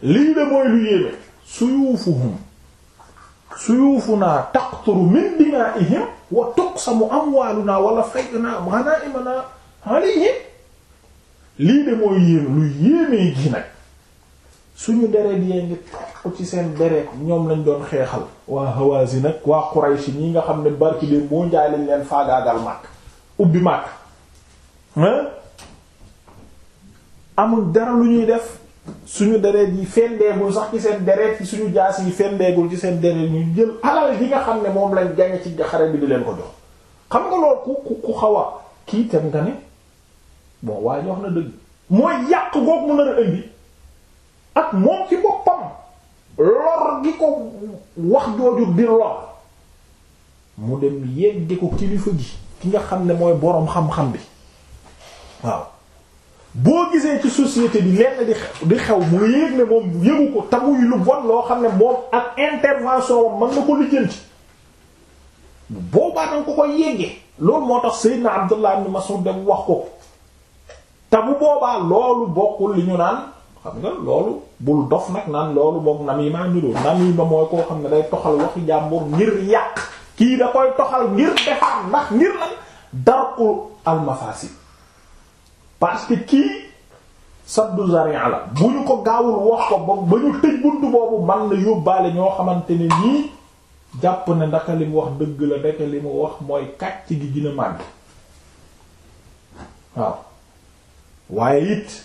lii de mooy lu yéeme suyuufuhum suyuufunaa taqturu min dimaa'ihim wa tuqsamu amwaalunaa wala faydunaa ghanaa'imunaa alayhim lii de mooy yéem lu yéemee gi nag suñu deret yee ngi toq ci seen deret ñoom lañ doon xeexal waa Hawazin nag waa Quraysh ñi nga xam ne barki de boo njaay leen faagaagal màkk ubbi màkk amul dara lu ñuy def suñu dereet yi fendeegul sax ci seen dereet yi suñu jaas yi fendeegul ci seen dereet ñu jël alal yi nga xam ne moom lañ gañe ci xare bi di leen ko jox xam nga lool ku ku ku xaw a kii tam nga ne bon waaye wax na dëgg mooy yàq googu mu nar a indi ak moom ci boppam lor gi ko wax jooju di lor mu dem yegge ko kilifa gi ki nga xam ne mooy boroom xam-xam bi waaw boo gisee ci société bi lenn di di xew mu yéeg ne moom yëgu ko te muy lu bon loo xam ne moom ak intervention am mën na ko lijjanti boobaa danga ko koy yéggee loolu moo tax Seydina Abdullah ibn Mas'ud dem wax ko te boobaa loolu bokkul li ñu naan xam nga loolu bul dof nag naan loolu moom namima niroo namima mooy koo xam ne day toxal waxi jàmbur ngir yàq kii da koy toxal ngir defar ndax ngir lan darqul al mafasid parce que kii saddu zaria la bu ñu ko gaawul wax ko ba ba ñu tëj bunt boobu man na yóbbaale ñoo xamante ni nii jàpp ne ndaka li mu wax dëgg la ndaka li mu wax mooy kàcc gi gën a màgg waaw waaye it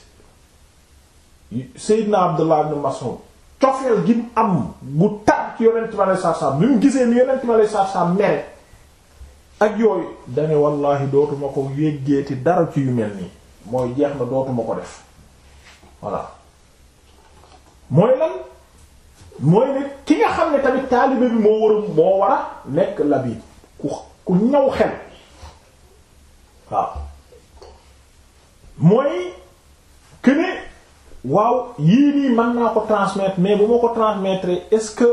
Seydina Abdullah ibn Mas'ud cofeel gi mu am gu tar ci yonent bi alayhi salaam bi mu gisee ni yonent bi alayhi salaam mere ak yooyu dane wallaahi dootuma ko yéggeeti dara ci yu mel nii mooy jeex na dootuma ko def voilà mooy lan mooy ne ki nga xam ne tamit taalibe bi moo war a moo war a nekk labib ku ku ñaw xel waaw mooy que waaw yii nii man naa ko transmettre mais bu ma ko transmettre est-ce que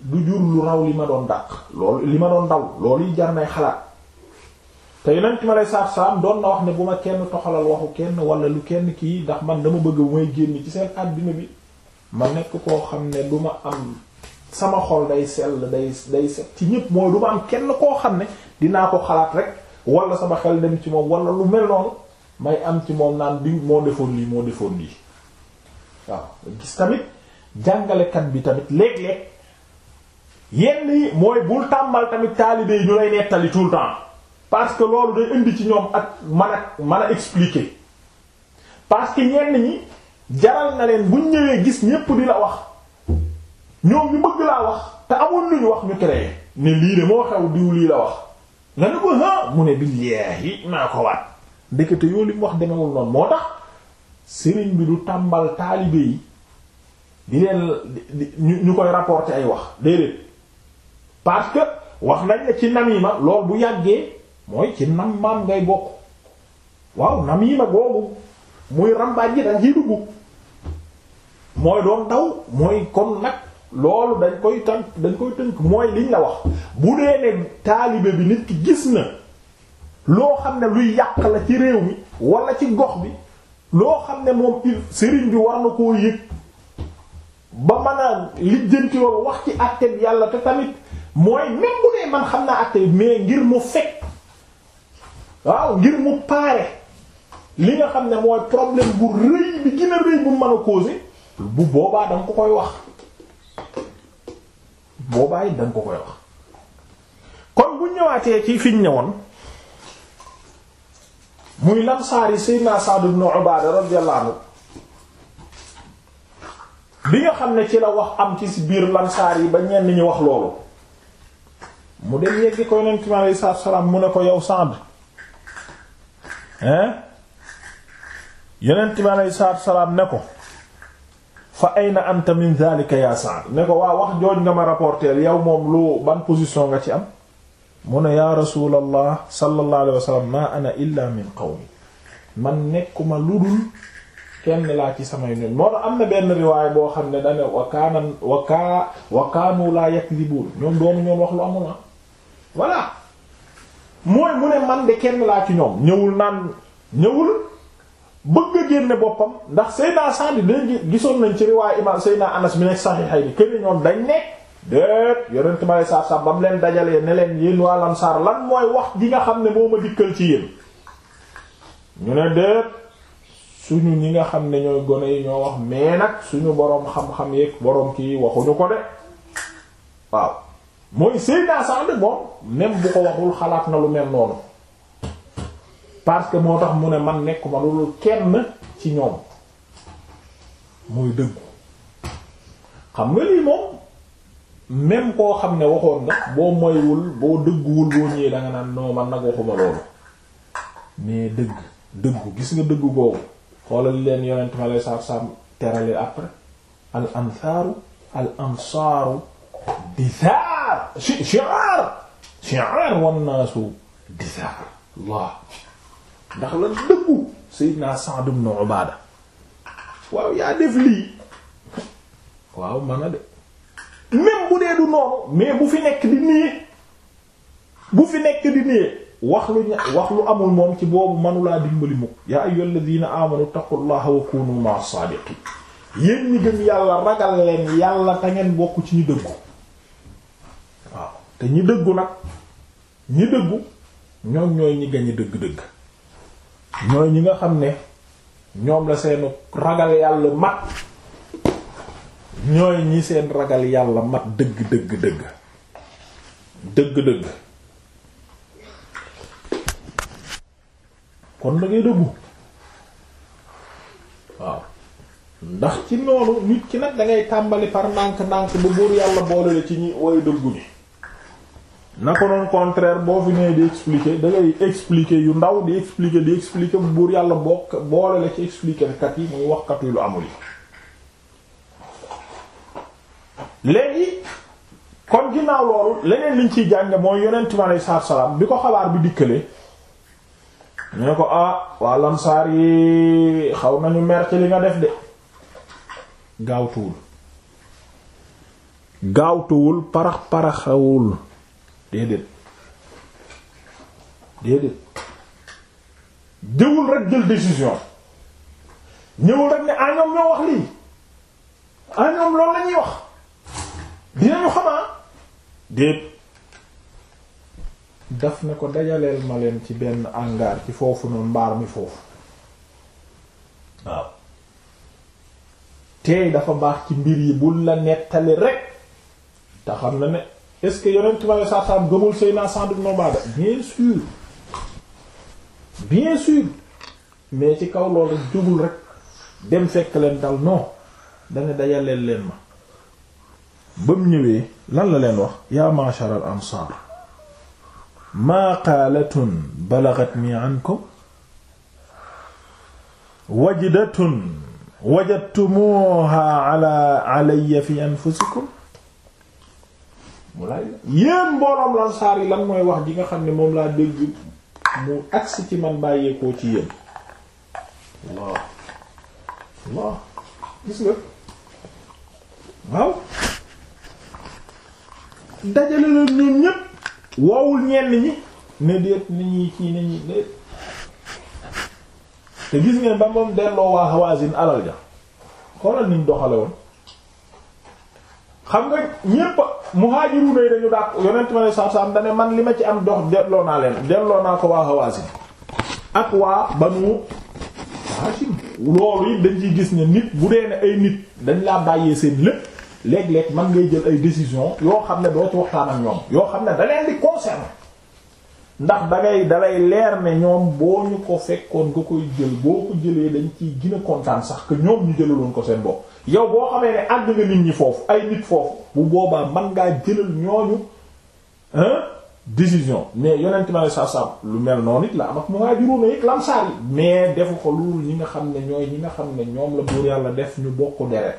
du jur lu raw li ma doon dàq loolu li ma doon daw loolu yi jar nay xalaat te yonent mi aleyhi salaatu salaam doon na wax ne bu ma kenn toxalal waxu kenn wala lu kenn kii ndax man dama bëgg bu may génn ci seen àddina bi ma nekk koo xam ne du ma am sama xol day sell day day set ci ñépp mooy du ma am kenn koo xam ne dinaa ko xalaat rek wala sama xel dem ci moom wala lu mel noonu may am ci moom naan bi moo defoon lii moo defoon lii waaw gis tamit jàngalekat bi tamit léeg-léeg yenn yi mooy bul tàmbal tamit taalibe yi ñu lay nettali tout le temps. parce que loolu day indi ci ñoom ak man a man a expliquer parce que ñenn ñi jaral na leen buñ ñëwee gis ñépp di la wax ñoom ñu bëgg laa wax te amoon lu ñu wax ñu créé ne lii de moo xew diw lii la wax nga ne ko ha mu ne billaahi maa ko waat ndekete yoo lim wax demewul noonu moo tax sëriñ bi du tàmbal taalibe yi di leen ñu koy rapporter ay wax déedéet parce que wax nañ la ci namima lool bu yàggee mooy ci nam maam ngay bokk waaw nam yi ma googu muy rambaaj ji dañ ciy dugg mooy doon daw mooy kon nag loolu dañ koy tànk dañ koy tënk mooy liñ la wax bu dee ne taalibe bi nit ki gis na loo xam ne lu yàq la ci réew mi wala ci gox bi loo xam ne moom il sëriñ bi war na koo yëg ba mën a lijjanti loolu wax ci àtte bi yàlla te tamit mooy même bu dee man xam naa àtte bi mais ngir mu fekk waaw ngir mu paare li nga xam ne mooy problème bu rëy bi gën a rëy bu mën a causer bu boobaa danga ko koy wax boobaa it danga ko koy wax kon bu ñëwaatee ci fiñ ñëwoon muy lamsaar yi sayyidina Sa'd ibn Ubaada radiyallahu anhu bi nga xam ne ci la wax am ci biir lamsaar yi ba ñenn ñi wax loolu mu dem yeggi ko yonent mi alayhi salaatu wa salaam mu ne ko yow Sa'd yonent bi sa salaatu salaam ne ko fa ayna anta min zaalika yaa Sa'd ne ko waa wax jooj nga ma rapporteel yow moom lu ban position nga ci am mu ne yaa rasuulallah sallallahu alayhi nekkuma lu dul kenn ci samay ñoñ am na benn riwaay boo xam ne dane wa kaana wa kaa wa kaanu laa ñoom doomu ñoom wax lu amul ah. voilà mooy mu ne man de kenn laa ci ñoom ñëwul naan ñëwul bëgg a génne boppam ndax Seydina Sa'd dañu gisoon nañ ci riwaay imaam Seydina Anas bi nekk saxiixa yi kenn ñoom dañ nekk déet yonent ma lay saar sax ba leen dajalee ne leen yéen waa Ansaar lan mooy wax ji nga xam ne moo ma dikkal ci yéen ñu ne déet suñu ñi nga xam ne ñooy gone yi ñoo wax mais nag suñu boroom xam-xam yeeg boroom kii waxuñu ko de waaw mooy Seydina Sa'd moom même bu ko waxul xalaat na lu mel noonu parce que moo tax mu ne man nekkuma loolu kenn ci ñoom mooy dëggu xam nga lii moom même koo xam ne waxoon nga boo moywul boo dëgguwul boo ñëwee da nga naan non man nag waxuma loolu mais dëgg dëggu gis nga dëggu googu xoolal leen yonent ma lay saab saab terale après al ansaaru al ansaaru disaar si siaar siaar wan naasu disaar Allah ndax la dëggu Seydina Sa'd ibn Ubaada waaw yaa def lii waaw man a de même bu dee du noonu mais bu fi nekk di nii bu fi nekk di nii wax lu ña wax lu amul moom ci boobu manulaa dimbali mu yaa ayyuhal ladina amanu taqullaha wa kunu ma'as saadiqin yéen ñi gëm yàlla ragal leen yàlla ta ngeen bokk ci ñu dëggu te ñi dëggu nag ñi dëggu ñoom ñooy ñi gañe dëgg-dëgg ñooy ñi nga xam ne ñoom la seenu ragal yàlla mat ñooy ñi seen ragal yàlla mat dëgg dëgg dëgg dëgg dëgg kon da dëggu waaw ndax ci noonu nit ki nag dangay tàmbali par ndànk ndànk bu buur yàlla boole la ci ñi woy dëggu ni na ko noon contraire boo fi nee di expliquer da ngay yu ndaw di expliquer di expliquer bu buur yàlla bokk boole la ci expliquer kat yi muy waxkat yu lu amul yi léegi kon ginnaaw loolu leneen liñ ciy jàng mooy yonent mi aleyhi salaatu salaam bi ko xabaar bi dikkalee ñu ne ko ah waa lamsaar yi xaw nañu mer li nga def de gaawtuwul gaawtuwul parax paraxawul déedéet déedéet jëwul rek jël décision ñëwul rek ne ah ñoom wax lii ah ñoom loolu wax dinañu xamaa ah. déet daf ne ko dajaleel ma leen ci benn hangar ci foofu noonu mbaar mi foofu waaw tey dafa baax ci mbir yi bul la nettali rek te xam na ne est-ce que yonent bi alei satu salaam gëmul bien sûr mais ci kaw loolu rek rek dem fekk leen dal non dana dajaleel leen ma ba ñëwee lan la leen wax yaa ma'shar al ansaar maa qaalatun balagatni ankum wajdatun wajadtumuha ala alayya fi anfusikum mu lay yéen mbooloom lan saar yi lan mooy wax ji nga xam ne moom laa dégg mu agsi ci man bàyyeekoo ci yéen Allah Allah gis nga waaw dajale la ñun ñépp woowul ñenn ñi ne déet ni ñuy ci ne ñi déet te gis ngeen ba moom delloo waa Hawazin alal ja xoolal niñ doxale woon xam nga ñépp muhaajiruun yi dañu dàq yonent ma ne saab-saab dane man li ma ci am dox delloo naa leen delloo naa ko waa Hawazin ak waa Banu Hashim loolu yi dañ ci gis ne nit bu dee ne ay nit dañ laa bàyyee seen lépp léeg-léeg man ngay jël ay décision yoo xam ne doo ci waxtaan ak ñoom yoo xam ne da leen di concerner ndax dangay dalay leer ne ñoom boo ñu ko fekkoon nga koy jël boo ko jëlee dañ ci gën a kontaan sax que ñoom ñu jëlaloon ko seen bopp yow boo xamee ne àgg nga nit ñi foofu ay nit foofu bu boobaa man ngaa jëlal ñooñu décision mais yonent ma sa sa lu mel noonu it la am ak muhaajiruun yi lamsaar yi mais defu ko lu ñi nga xam ne ñooy ñi nga xam ne ñoom la buur yàlla def ñu bokk deret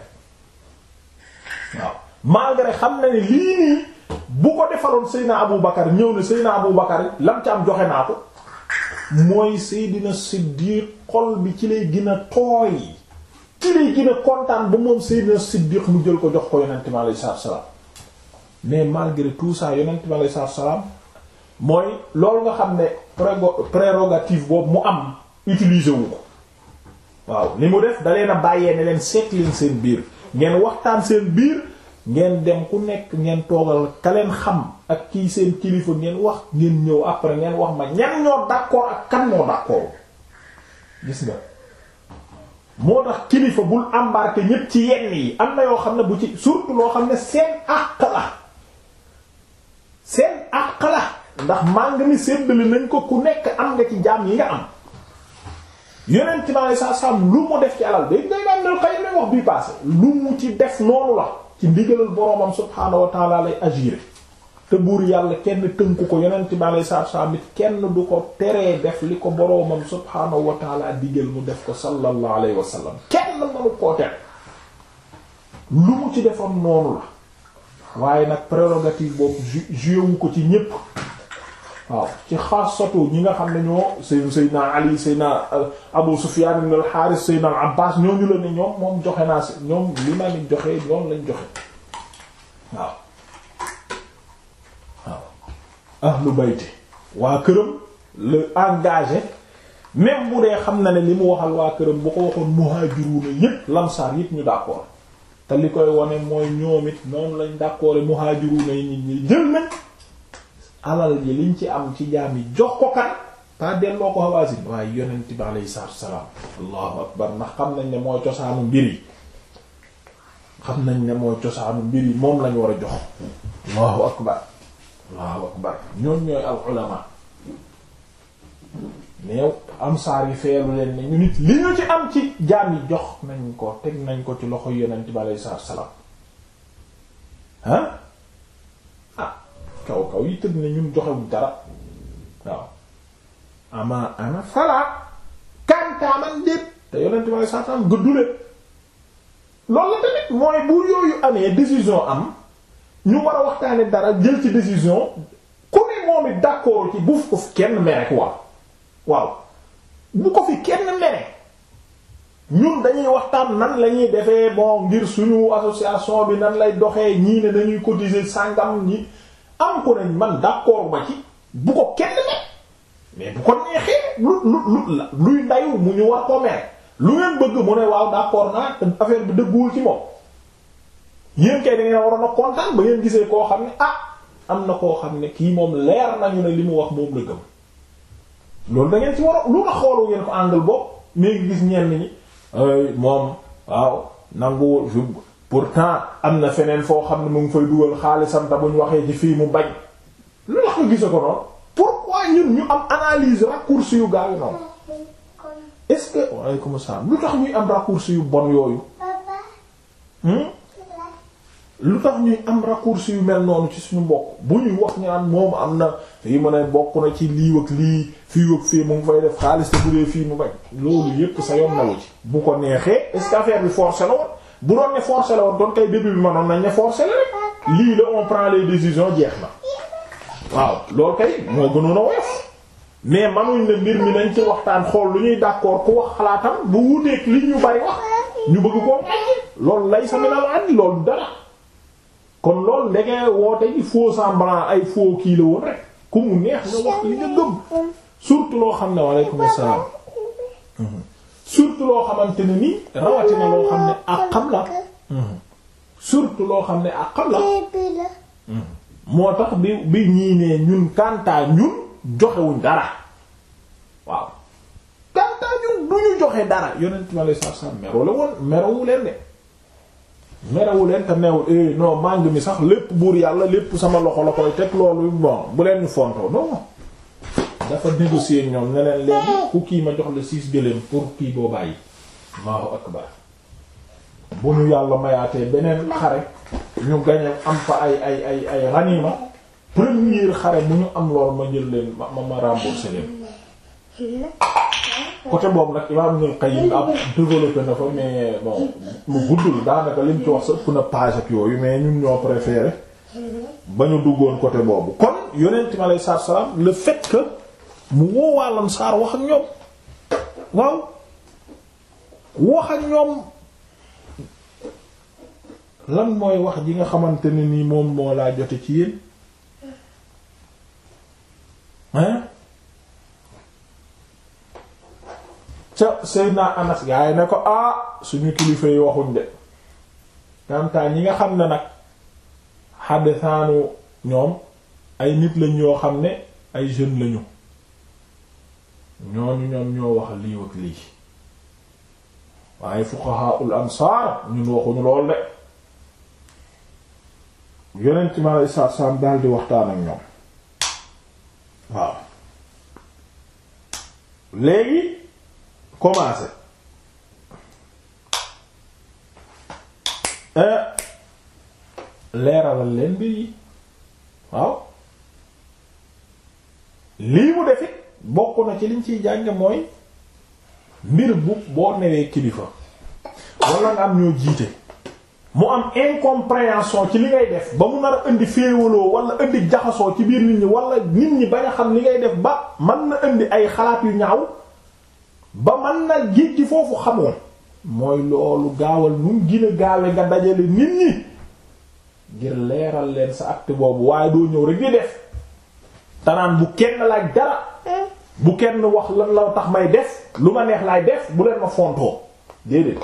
waaw malgré xam na ne lii nii bu ko defaloon Seydina Abu Bakar ñëw ne Seydina Abu Bakar lam ci am joxe naa ko mooy Seydina Siddiq xol bi ci lay gën a tooy ci lay gina kontaan ba moom Seydina Siddiq mu jël ko jox ko yonent mi alayhi salaam mais malgré tout ça yonent mi alayhi salaatu salaam mooy loolu nga xam ne prérogative boobu mu am utiliser wu ko waaw ni mu def da leen a bàyyee ne leen seet seen biir ngeen waxtaan seen biir. ngeen dem ku nekk ngeen toogal ka leen xam ak kii seen kilifa ngeen wax ngeen ñëw après ngeen wax ma ñan ñoo d'accord ak kan moo d'accord gis nga moo tax kilifa bul embarquer ñépp ci yenn yi am na yoo xam ne bu ci surtout loo xam ne seen àq la seen àq la ndax màng mi séddale nañ ko ku nekk am nga ci jaam yi nga am yeneen ci ma sa sam lu mu def ci alal day day daan nel xëy na wax bii passé lu mu ci def noonu la ci ndigalal boroomam subhaanahu wa lay agir te buur yàlla kenn tënku ko yonent bi alei saatu salaam kenn du ko teree def li ko boroomam subhaanahu wa taala digal mu def ko sallallahu alayhi wa sallam kenn manu koo tere lu mu ci defoon noonu la waaye nag prérogative boobu joué wu ko ci ñépp waaw ci xaasatu ñi nga xam ne ñoo seen Seydina Ali Seydina euh, Abu Sufyan ibn al-Harith Seydina Abbas ñooñu la ne ñoom moom joxe naa si ñoom li ma leen joxe loolu lañ joxe waaw waaw ahlu bayti waa këram la engagé même bu xam na ne li mu waxal waa këram bu ko waxoon muhajiruna yépp ñu d'accord te li koy wone mooy ñoom it noonu lañ d'accord muhajiruna yi ñi ñi jël nañ alal ji liñ ci am ci jaam yi jox ko kan pas delloo ko Hawazin waaye yonent bi alayhi salaatu wassalaam allahu akbar ndax xam nañ ne mooy cosaanu mbir yi nañ ne mooy cosaanu moom lañu war a jox allahu akbar allahu akbar ñoom ñooy al ulama neew am saar yi feelu leen ne ñu nit li ñu ci am ci jaam yi jox nañ ko teg nañ ko ci loxo yonent bi alayhi salaatu wassalaam ah kaw kaw yi tëdd ne ñun joxewuñ dara waaw ama ana falaa kantaaman déet te yonent ma saa saam gëddule loolu la tamit mooy bu yooyu amee décision am ñu war a waxtaane dara jël ci décision ku ne moom it d'accord ci bu ko fi kenn mere quoi waaw bu ko fi kenn mere ñun dañuy waxtaan nan lañuy ñuy defee bon ngir suñu association bi nan lay doxee ñii ne dañuy cotiser sàngam ñi am ko nañ man d'accord ba ci bu ko kenn ne mais bu ko neexee lu lu luy ndayu mu ñu war ko mere lu ngeen bëgg mu ne waaw d'accord naa affaire bi dëgguwul ci moom yéen kay da ngeen waroon a kontaan ba ngeen gisee koo xam ne ah am na koo xam ne kii moom leer nañu ne li mu wax moom la gëm loolu da ngeen ci war lu nga xoolu ngeen ko angle boobu mais ngi gis ñenn ñi moom waaw nanguwul pourtant am na feneen foo xam ne mu ngi fay dugal xaalisam te buñ waxee ci fii mu bañ lu wax nga gise ko noonu pourquoi ñun ñu am analyse raccourci yu gaaw noonu est-ce que waaleykum salaam lu tax ñuy am raccourci yu bon yooyu hmm? tax ñuy am raccourci yu mel noonu ci suñu mbokk bu ñuy wax ñu naan moom am na fii mu ne bokk na ci lii ak lii fii ak fii mu ngi fay def xaalis te bu dee fii mu bañ loolu yépp sa yoon na ci bu ko neexee est-ce que affaire bi forcé la bu doon ne forcé la woon doon kay début bi manoon nañ ne forcé la lii la on prend les décisions jeex na waaw loolu kay moo gënoon a woyof mais manuñ ne mbir mi nañ ci waxtaan xool lu ñuy d'accord ku wax xalaatam bu wuteek li ñu bari wax ñu bëgg ko loolu lay sa minal andi loolu dara kon loolu ndegee woote yi faux semblant ay faux kii la woon rek ku mu neex nga wax li nga gëm surtout loo xam ne waaleykum salaam mm-hmm. surtout loo xamante ni nii rawatina loo xam ne àqam la hmm. surtout loo xam ne àqam la hmm. moo tax bi bi ñii ne ñun kantaa ñun joxewuñ dara waaw kantaa ñun du ñu joxe dara yonent ma lay sax sax merow la woon merowu leen de merewu leen te neewul eh, non màng mi sax lépp buur yàlla lépp sama loxo la koy teg loolu bu leen ñu fontoo non dafa négocier ñoom ne leen léegi ku kii ma jox la six gëléem pour kii boo bàyyi Allahu akbar bu ñu yàlla mayaatee beneen xare ñu gañe am fa ay ay ay ay ranima premier xare bu ñu am lool ma jël leen ma ma rembourser leen côté boobu nag Imaam Ibn Qayyim ab développé na fa mais bon mu guddul daanaka lim ci wax sa ëpp na page ak yooyu mais ñun ñoo préféré ba ñu duggoon côté boobu kon yonent mi salaam le fait mu woo waa Ansaar wax ak ñoom waaw wax ak ñoom lan mooy wax ji nga xamante ne ni moom moo laa jote ci yéen hein ca Seydina Anas gaa yi ne ko ah suñu kilifa yi waxuñ de gantaa ñi nga xam ne nag xaddisaanu ñoom ay nit lañ yoo xam ne ay jeunes lañu ñooñu ñoom ñoo wax lii ak lii waaye fuqahaul ansaar ñun waxuñu lool de yonent mi aleyhi salaatu salaam daal di waxtaan ak ñoom waaw léegi commencé eh, leeralal leen bi waaw lii mu defit bokk na ci liñ ciy jànge mooy mbir bu boo newee kilifa wala nga am ñoo jiite mu am incompréhension ci li ngay def ba mu nar a indi féewaloo wala indi jaxasoo ci biir nit ñi wala nit ñi ba nga xam li ngay def ba man na indi ay xalaat yu ñaaw ba man na jéggi foofu xamoon mooy loolu gaawal nu gën a gaawe nga dajale nit ñi ngir leeral leen sa acte boobu waaye doo ñëw rek di def tanaan bu kenn laaj dara bu kenn wax lan la tax may def lu ma neex laay def bu leen ma fontoo déedéet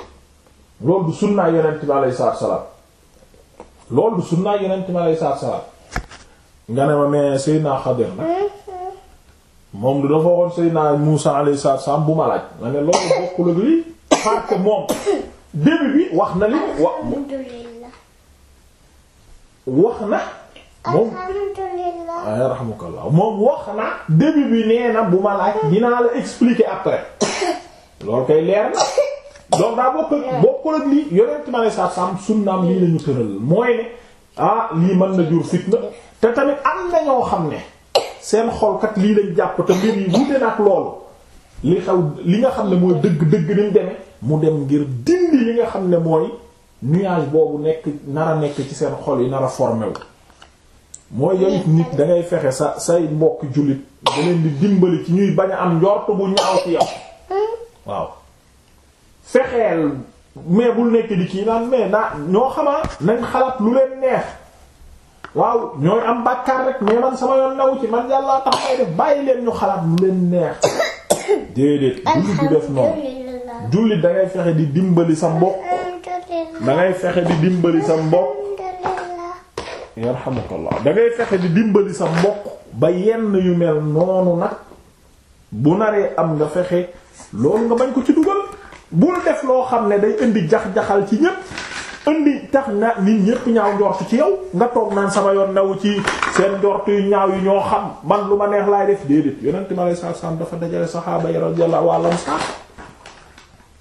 loolu du naa yonent bi alayhi salaatu salaam loolu du sunnaa yonent bi alayhi salaatu salaam nga ne ma mais Seydina Xadir nag moom du dafa waxoon Seydina Muusaa alayhi salaatu salaam bu ma laaj ma ne loolu bokkul ak lii parce que moom début bi wax na li wax wax na moom alhamdulilah ah, moom wax na début bi nee na bu ma laaj dinaa la expliquer après loolu koy leer na donc daa bokk bokkul ak yonent ma ne saa saam sunnaam lii la ñu tëral mooy ne ah lii mën na jur fitna te tamit am na ñoo xam ne seen xolkat lii lañ jàpp te mbir yi wute nag loolu li xew li nga xam ne mooy dëgg-dëgg ni mu demee mu dem ngir dindi li nga xam ne mooy nuage boobu nekk nar nekk ci seen xol yi nar a mooy yowit nit dangay fexe sa say mbokk jullit da di dimbali ci ñuy bañ am njort bu ñaaw ci yow waaw mais bul nekk di kii naan mais naa ñoo xamaa nañ xalaat lu leen neex waaw ñooy am bàkkaar rek sama yoon naw ci man yàllaa tax bàyyi leen ñu xalaat lu leen neex déedéet jullit def noonu jullit dangay fexe di dimbali sa mbokk dangay fexe di dimbali sa mbokk yarhamukallah da ngay fexe di dimbali sa mbokk ba yenn yu mel noonu nag bu naree am nga fexe loolu nga bañ ko ci dugal bul def loo xam ne day indi jax-jaxal ci ñépp indi tax na nit ñépp ñaaw njort ci yow nga toog naan sama yoon newu ci seen njort ñaaw yi ñoo xam man lu ma neex laay def déedéet yonent mi alayhi salaatu dafa dajale saxaaba yi radiyallahu anhum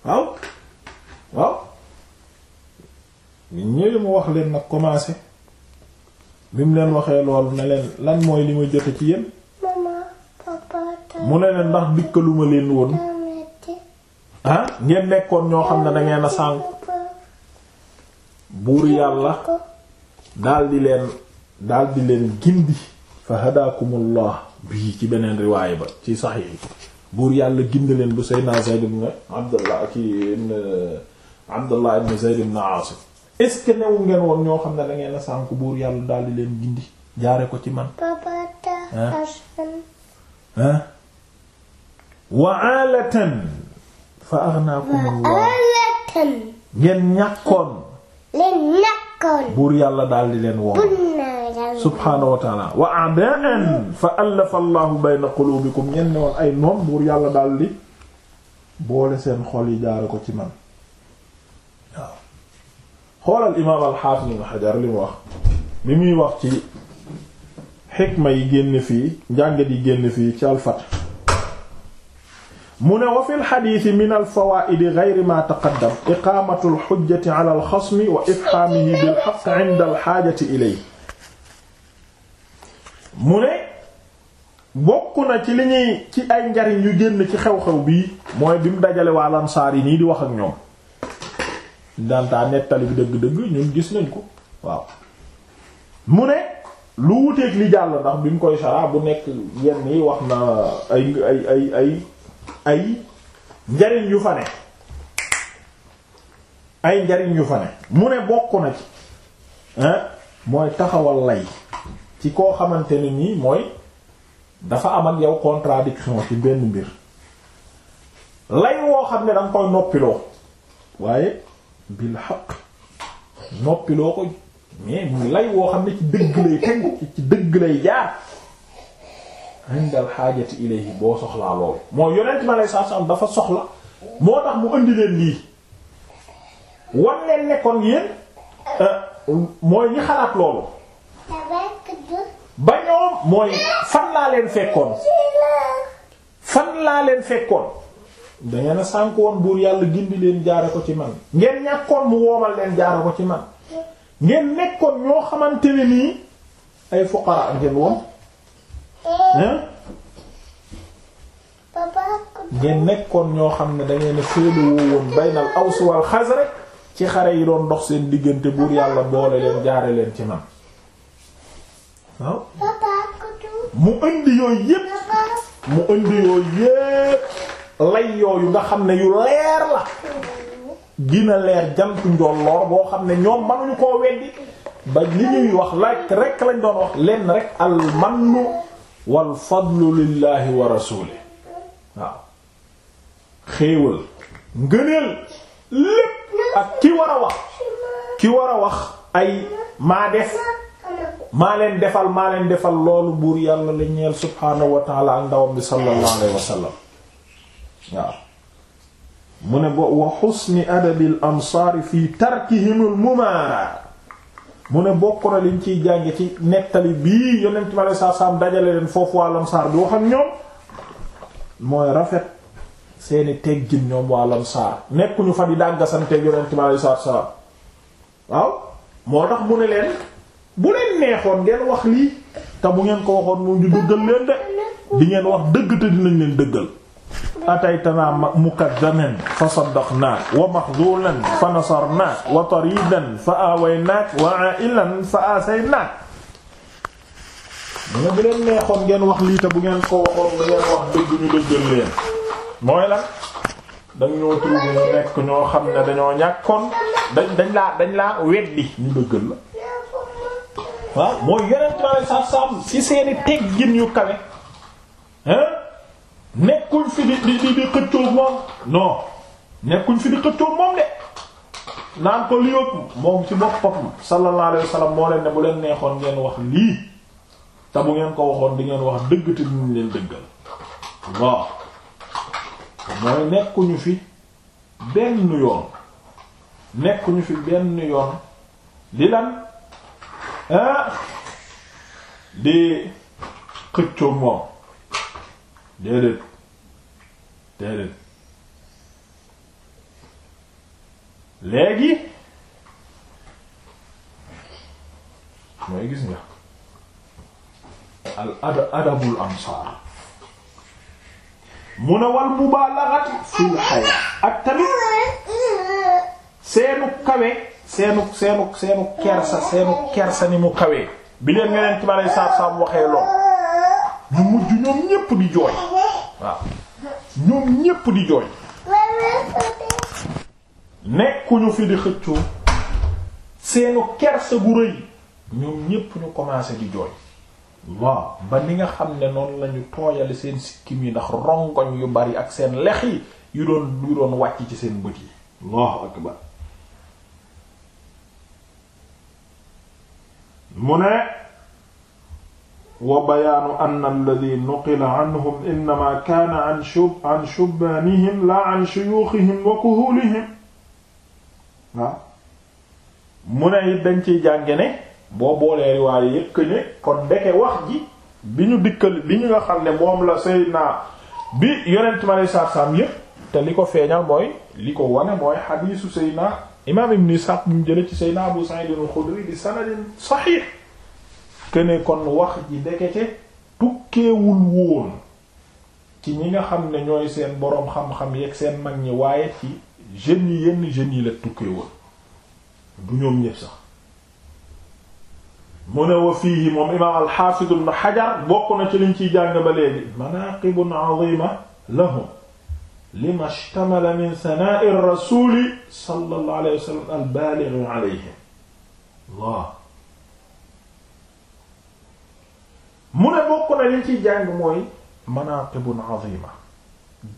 waaw waaw ñëwee mu wax leen nag commencé bi mu leen waxee loolu ne leen lan mooy li ma jote ci yéen mu ne leen ndax dikkaluma leen woon ah ngeen nekkoon ñoo xam ne dangeen a sànk buur yàlla daldi leen di leen gindi fa hadaakumullah bii ci beneen riwaay ba ci saxiix buur yàlla gindi leen bu Seydina Zayd ibn Abdullah ki ibn Abdullah ibn Zayd ibn Aasim est newu ngeen woon ñoo xam ne da ngeen sànk buur yàlla daal di leen gindi jaare ko ci man. ah. fa aghnaakum Allah ngeen yàlla daal di leen woo. subhaanahu wa taala wa quluubikum ngeen ne woon ay noon buur yàlla daal di boole seen xol yi jaare ko ci man. xoolal imaam alxaafis ibn xajar li mu wax bi muy wax ci xikma yi génn fii njàngat yi génn fii ci alfat mu ne wa fi lxadiisi min alfawaidi geyri ma taqaddam iqaamatu alxujjati ala alxasmi wa ifhaamihi bilxaq inda ci ay njariñ yu génn ci xew-xew bii mooy bi mu dajale waa lansaar yi nii di wax ak ñoom dantaa nettali bi dëgg-dëgg ñun gis nañ ko waaw mu ne lu wuteeg li jàll ndax bi mu koy sara bu nekk yenn yi wax na ay ay ay ay njariñ yu fa ne ay njariñ yu fa ne mu ne bokk na ci mooy taxawal lay ci koo xamante ne nii mooy dafa am ak yow contradiction ci benn mbir lay woo xam ne danga koy noppiloo waaye bil haqq noppi loo ko mais mu lay woo xam ne ci dëgg lay tegu ci dëgg lay jaar indal xaajati ilayhi boo soxlaa loolu mooy yonent ma lay saasam dafa soxla moo tax mu indi leen lii wan leen nekkoon yi euh, mooy ñi xalaat loolu ba mooy fan laa leen fekkoon fan laa leen fekkoon dangeen a sànk woon buur yàlla gindi leen jaare ko ci man ngeen ñàkkoon mu woomal leen jaare ko ci man ngeen nekkoon ñoo xamante ne nii ay fuqara ngeen woon eh, ngeen nekkoon ñoo xam ne dangeen a féedawoo woon baynal Aws wal Xasraj ci xare yi doon dox seen diggante buur yàlla boole leen jaare leen ci man waaw mu indi yooyu yépp mu indi yooyu yépp lay yooyu nga xam ne yu leer la gina leer jantu njolloor boo xam ne ñoom manuñu koo weddi ba li ñuy wax lak rek lañ doon wax lenn rek al man wal fadlu lillahi wa rasuli waaw xéewal ngëneel lépp ak ki war a wax ki war a wax ay maa def maa leen defal maa leen defal loolu buur yàlla la ñeel subhaanahu wa taala ak ndawam bi sallallahu alayhi waaw mu ne bo wa xusni adabil ansaari fii tarkihimul mumaara mu ne bokk na liñ ciy jànge ci nettali bii yonent bi alei sat salaam dajale leen foofu waa lamsaar bi wax ñoom mooy rafet seeni teggin ñoom waa lamsaar nekkuñu fa di dàggasante yonent bi alei satu salaam waaw moo tax mu ne leen bu leen neexoon ngeen wax lii te mu ngeen ko waxoon moom ñu dëggal leen de di ngeen wax dëgg te dinañ leen dëggal ataytanaa mukaddaman fa saddaqnaak wa maxduulan fa nasarnaak wa tariidan fa awaynaak wa aa'ilan fa aasaynaak mu ne bu neexoon ngeen wax lii bu ngeen ko waxoon ngeen wax dëgg ñu dëggal leen mooy lan dañ ñoo trouvé nekk ñoo xam ne dañoo ñàkkoon dañ dañ laa dañ laa weddi ñu dëggal la mooy yeneen ci ma ne ci seeni teggin yu kawe hein nekkuñ fi di di di xëccoo moom non nekkuñ fi di xëccoo moom de naan ko li yëpp moom ci boppam sallallahu alayhi wasallam moo leen ne bu leen neexoon ngeen wax lii te bu ngeen ko waxoon di ngeen wax dëgg te duñ leen dëggal waaw mooy nekkuñu fi benn yoon nekkuñu fi benn yoon di lan ah di xëccoo moom déedéet déedéet léegi mooy gis nga al ad adabul ansaar mu ne wal mubaalaxati fil xaya ak tamit seenu kawe seenu seenu seenu kersa seenu kersa ni mu kawe bi leen nga leen ci ma lay saab saab waxee lool ñu mujj ñoom ñépp di jooy waaw ñoom ñépp di jooy nekkuñu fi di xëccoo seenu kersa gu rëy ñoom ñépp ñu commencé di jooy waaw ba ni nga xam ne noonu lañu tooyale seen sikkim yi ndax rongoñ yu bari ak seen lex yi yu doon yu doon wàcc ci seen bët yi Allahu akbar mu ne wa bayaanu anna alladi nuqila anhum innama kaana an shub an shubbaanihim la an shuyuuxihim wa kuhuulihim mu ne dañ ciy jànge ne boo boolee riwaay yëpp que kon ndeke wax ji bi ñu dikkal bi ñu nga xam ne moom la Seydina bi yonent ma lay sarsam yëpp te li ko feeñal mooy li ko wane mooy xadiisu Seydina imaam Ibn Isxaaq bu mu jële ci Seydina Abu Saïd xudri bi sanadin saxiix ne kon wax ji dekete tukkeewul woon ci ñi nga xam ne ñooy seen boroom xam-xam yeeg seen mag ñi waaye ci jeunes yi yenn jeunes yi la tukkeewoon du ñoom ñëpp mu ne wa fiihi moom imaam alxaafid ibn xajar bokk na ci liñ ciy jàng ba léegi manaqibun azima lahum lima shtamala min sanaa'i rasuli sallallahu alayhi wa sallam albaligh alayhim mu ne bokk na liñ ciy jàng mooy manaate manaqibun azima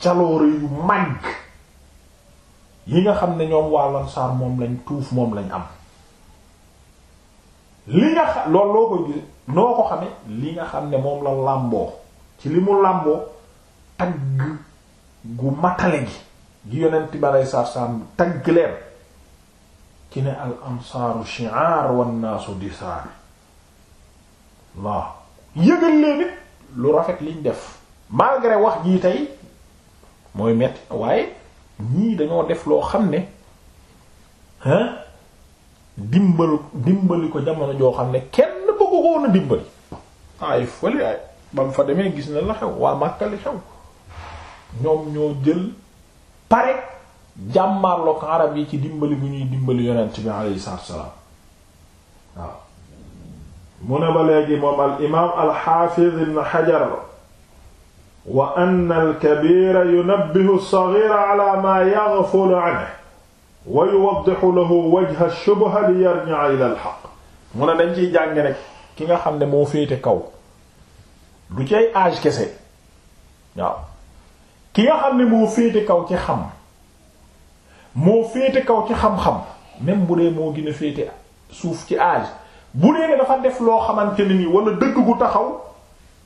jaloore yu màgg yi nga xam ne ñoom waa Ansaar moom lañ tuuf moom lañ am li nga xam loolu loo ko gis noo ko xame li nga xam ne moom la làmboo ci li mu làmboo tagg gu matale gi gi yonent balay sarsam tagg leen ci ne al ansaaru shi'ar wan naasu disaar yëgal leen lu rafet liñ def malgré wax jii tey mooy metti waaye ñii dañoo def loo xam ne hein dimbal dimbali ko jamono joo xam ne kenn bëgg ko woon a dimbali ay fële ay ba mu fa demee gis na la xew waa Makka xew ñoom ñoo jël pare jàmmarlook arab yi ci dimbali bu ñuy dimbali yonent bi alayhi salaam waaw mu ne ba léegi moom al imaam al xaafiz ibn xajar wa anna al kabiira yunabbihu as-saxiira ala maa yaghfulu anhu wa yuwaddihu lahu wajha ash-shubha li yarji'a ila al haqq mu ne dañ ciy jàng nag ki nga xam ne moo féete kaw du ci ay âge kese waaw ki nga xam ne moo féete kaw ci xam moo féete kaw ci xam-xam même bu dee moo gën a féete suuf ci âge. bu léegi dafa def loo xamante ni nii wala dëgg gu taxaw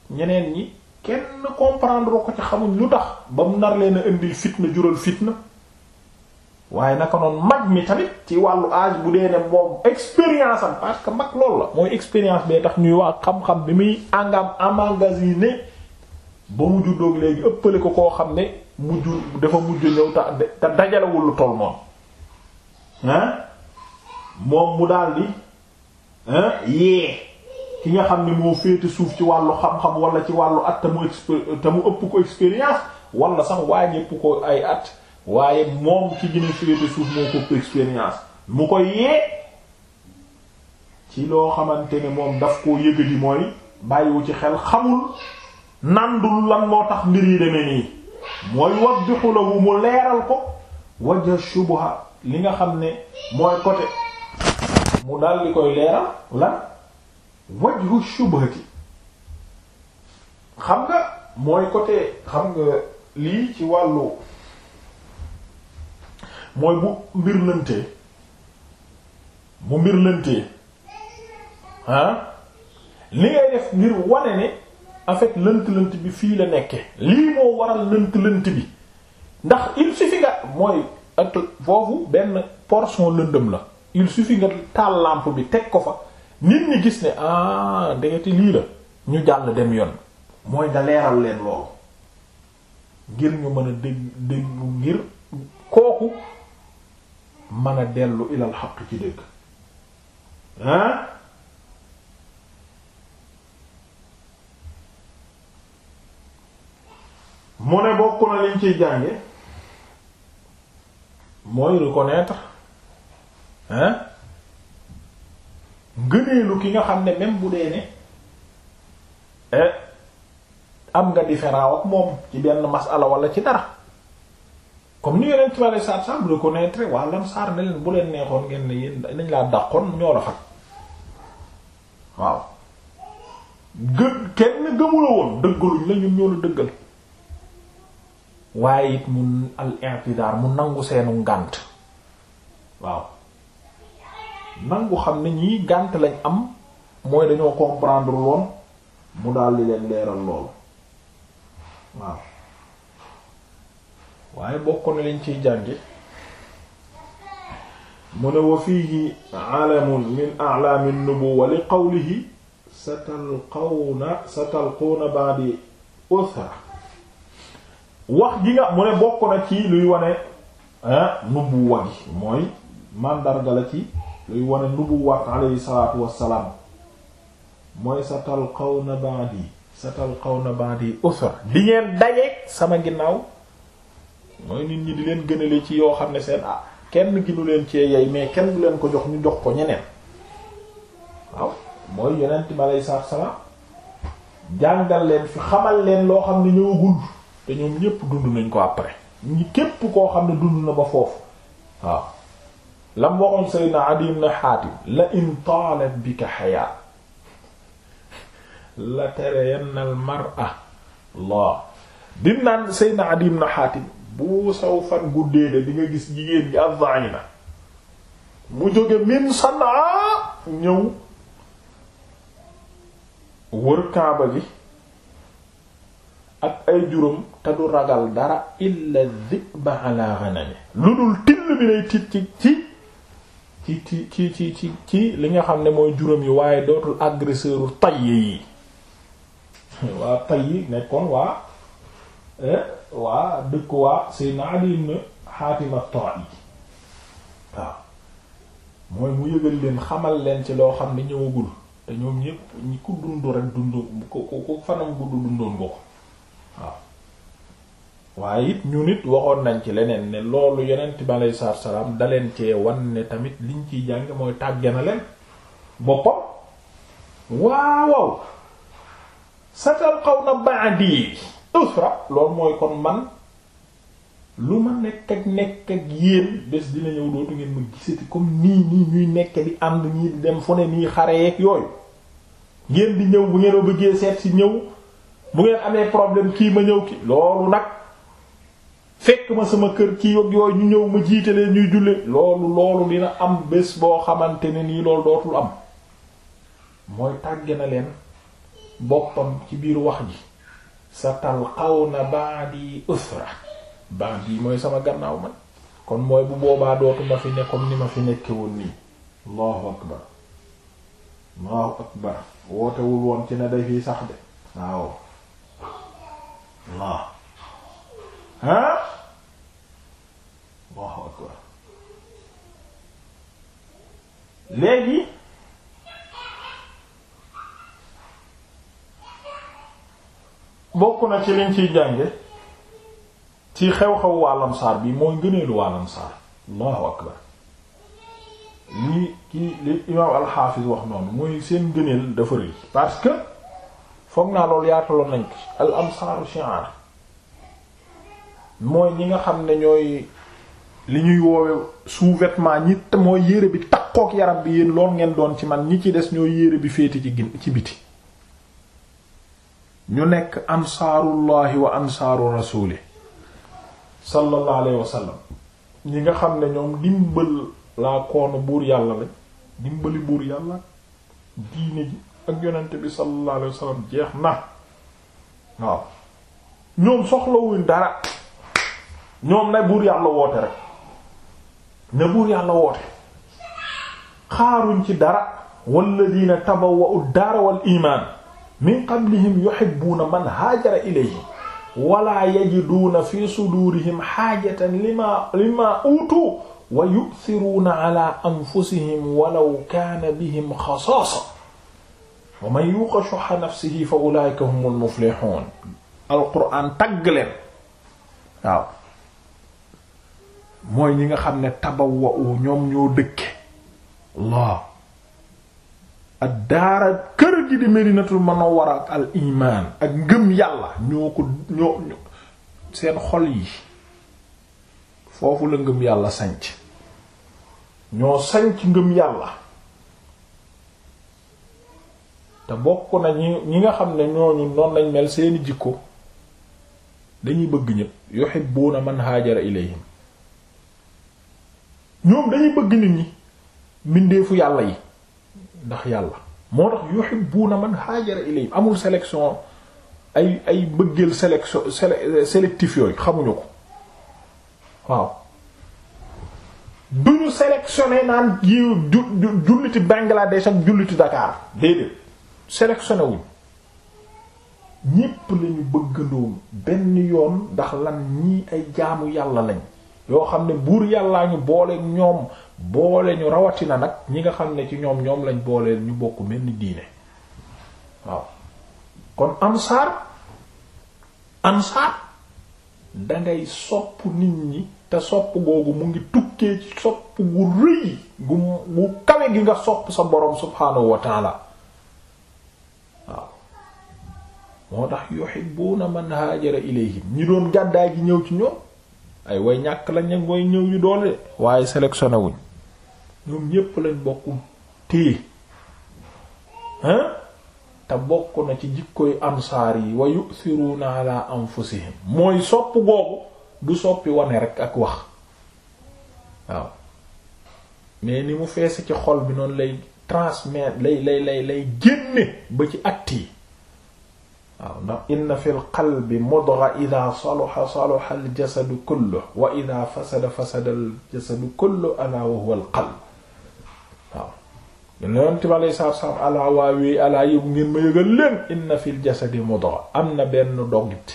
ñeneen ñi kenn comprendre ko ci xamuñ lu tax ba mu nar leen a indil fitna jural fitna waaye naka noonu mag mi tamit ci wàllu âge bu dee ne moom expérience am parce que mag loolu la. mooy expérience bee tax ñuy wax xam-xam bi muy engam emmagasiné ba mu doog léegi ëppale ko koo xam ne mujj dafa mujj ñëw te te dajalewul lu toll noonu moom mu daldi. yee ki nga xam ne moo féete suuf ci wàllu xam-xam wala ci wàllu at te mu exp ëpp ko expérience walla sax waa ñëpp ko ay at waaye moom ci gën a féete suuf moo ko expérience mu ko yee ci loo xamante ne moom daf koo yëg di mooy bàyyiwu ci xel xamul nandul lan moo tax mbir yi demee nii mooy wajjuxu la wu mu leeral ko wajja shubha li nga xam ne mooy côté mu dal di koy leeral lan wajhu shubhati xam nga mooy côté xam nga lii ci wàllu mooy bu mbir lëntee bu mbir lëntee ah li ngay def ngir wane ne afet lënt-lënt bi fii la nekke lii moo waral lënt-lënt bi ndax il suffit nga mooy ak foofu benn portion lëndëm la il suffit nga taal lampe bi teg ko fa nit ñi gis ne ah ndegeti lii la ñu jàll dem yoon mooy nga leeral leen loolu ngir ñu mën a dégg déggu ngir kooku mën a dellu ilal xaq ci dégg ah mu ne bokk na ciy jànge mooy reconnaître hein ngëneelu ki nga xam ne même bu dee ne eh, am nga différent ak moom ci benn masala wala ci dara comme ni yeneen tubaab yi sax sàmm di ko reconnaître waa Lamsaar ne leen bu leen neexoon ngeen ne yéen dañ laa dàqoon ñoo la fat waaw gë kenn gëmula woon dëggaluñ la ñoo la dëggal waaye it mu al intidaar mu nangu seenu ngànt waaw. nangu xam ne ñii gànt lañ am mooy dañoo comprendre woon mu daldi leen leeral lool waaw waaye bokk na lañ ciy jànge mu ne wa fiihi alamun min a'lami nubuwwa li qawlihi satalqawna satalqawna ba'di usra wax ji nga mu ne bokk na ci luy wane ah, nubuwwa gi mooy màndarga la ci luy wane nubuwaat alayhi salaatu wassalaam mooy sa talqawna ba'di sa xaw ba'di usra di ngeen dajeek sama ginnaaw mooy nit ñi di leen gënale ci yoo xam ne seen ah kenn ginu leen ci yey mais kenn du leen ko jox ñu jox ko ñeneen waaw mooy yonent bi alayhi salaatu wassalaam jàngal leen fi xamal leen loo xam ne ñëwagul te ñoom ñépp dund nañ ko après ñi képp koo xam ne dund na ba foofu waaw lam waxoon Seydina Adiy ibn Haatim la in taalat bika hayaa la tarayanna al mar'a Allah dinaan Seydina Adiy ibn bu saw fan guddee de di nga gis jigéen gi az-za'ina mu jóge min Sanaa ñëw wër Kaaba gi ak ay juróom te du ragal dara illa dhi'ba ala ghanami lu dul till bi lay tiit ci ci ci ci ci ci ci li nga xam ne mooy juróom yi waaye dootul agresseur tay yi waa tay nekkoon waa eh, waa dëkk waa Seydina Ali ibn Hatim at-Ta'i mooy mu yëgal leen xamal leen ci loo xam ne ñëwagul te ñoom ñépp ñi ko dund rek dund ko ko fanam gudd dundoon nga ko waaw waaye it ñu nit waxoon nañ ci leneen ne loolu yonent bi aleyhi salaatu daleen cee wan ne tamit liñ ciy jàng mooy tàgge na leen boppam waawaw satalqawna ba'di usra loolu mooy kon man lu ma nekk ak nekk ak yéen bés dina ñëw dootu ngeen ma gisati comme nii nii ñuy nekk di ànd ñii dem fu ne nii xare yeeg yooyu ngeen di ñëw bu ngeen bëggee seet si ñëw bu ngeen amee problème kii ma ñëw ki loolu nag fekk ma sama kër ci ak yooyu ñu ñëw ma jiite leen ñuy julli loolu loolu dina am bés boo xamante ne nii loolu dootul am mooy tàgge na leen boppam ci biir wax ji sa talqawna ba'di usra ba'di mooy sama gannaaw man kon mooy bu boobaa dootu ma fi ne ni ma fi nekke woon nii allahu akbar allahu akbar wootewul woon ci ne day fiy sax de waaw waaw ah Allahu akbar léegi bokk na ci liñ ciy jànge ci xew-xew wàllam saar bi mooy ngëneelu wàllam saar Allahu akbar lii kii li imaam alxaafis wax noonu mooy seen ngëneel dafa rëy parce que foog naa loolu yaataloon nañ ko al amsaaru shi'ar mooy ñi nga xam ne ñooy li ñuy woowe sous-vêtement ñi mooy yére bi takkook yaram bi yéen lool ngeen doon ci man ñi ci des ñooy yére bi féete ci gin ci biti ñu nekk ansaarullahi wa ansaaru rasuli sallallahu alayhi wa sallam ñi nga xam ne ñoom dimbal laa koonu buur yàlla la dimbali buur yàlla diine ji ak yonent bi sallallahu alayhi wa sallam jeex na waaw ñoom soxlawuñ dara ñoom na buur yàlla woote rek na buur yàlla woote xaaruñ ci dara walladina tabawwa'u ad-daara wal iman min qablihim yuhibbuuna man haajara ilayhim wala yajiduuna fi sudurihim xaajatan lima lima utu wa yu'thiruuna ala anfusihim walaw kaana bihim xasaasa wa man yuuqa shuhha nafsihi fa ulaa'ika humul muflihuun alquraan tagg leen waaw mooy ñi nga xam ne tabawa u ñoom ñoo dëkke Allah ak daara kër gi di a Munawwara ak al imaan ak ngëm yàlla ñoo ko ñoo seen xol yi foofu la ngëm yàlla sanc ñoo sanc ngëm yàlla te bokk na ñi ñi nga xam ne ñooñu noonu lañ mel seeni jikko dañuy bëgg ñépp yuhibbuuna man haajara ilayhim ñoom dañuy bëgg nit ñi mbindeefu yàlla yi ndax yàlla moo tax yuhibbuuna man haajara ilayhim amul sélection ay ay bëggeel sélection sélectif yooyu xamuñu ko waaw du sélectionné naan yi julliti Bangladesh ak julliti Dakar déedéet sélectionné wuñ ñépp lañu bëggandoo benn yoon ndax lan ñii ay jaamu yàlla lañ yoo xam ne buur yàllaa ñu boole ñoom boole ñu rawatina nag ñi nga xam ne ci ñoom ñoom lañ booleel ñu bokk mel ni diine waaw kon ansaar ansaar dangay sopp nit ñi te sopp googu mu ngi tukkee ci sopp gu rëy gu gu kawe gi nga sopp sa borom subhaanahu wa taala waaw moo tax na mën haajara ilayhim ñi doon gàddaay gi ñëw ci ñoom ay way ñàkk lañ ña ngoy ñëw yu doole waaye sélectionné wuñ ñoom ñépp lañ bokkum téye hein te bokk na ci jikkoy ansaar yi wa yu'thiruna ala anfusihim mooy sopp googu du soppi wane rek ak wax waaw mais ni mu feese ci xol bi noonu lay transmettre lay lay lay lay génne ba ci acte yi waaw ndax inna fi lqalbi mudgha ida saluxa saluxa aljasadu kullu wa ida fasada fasada aljasadu kullu ala wa huwa alqalb waaw yonent bi alei saatu salaam alaa waawee alaa yëgu ngeen ma yëgal leen inna fi ljasadi mudgha am na benn dogit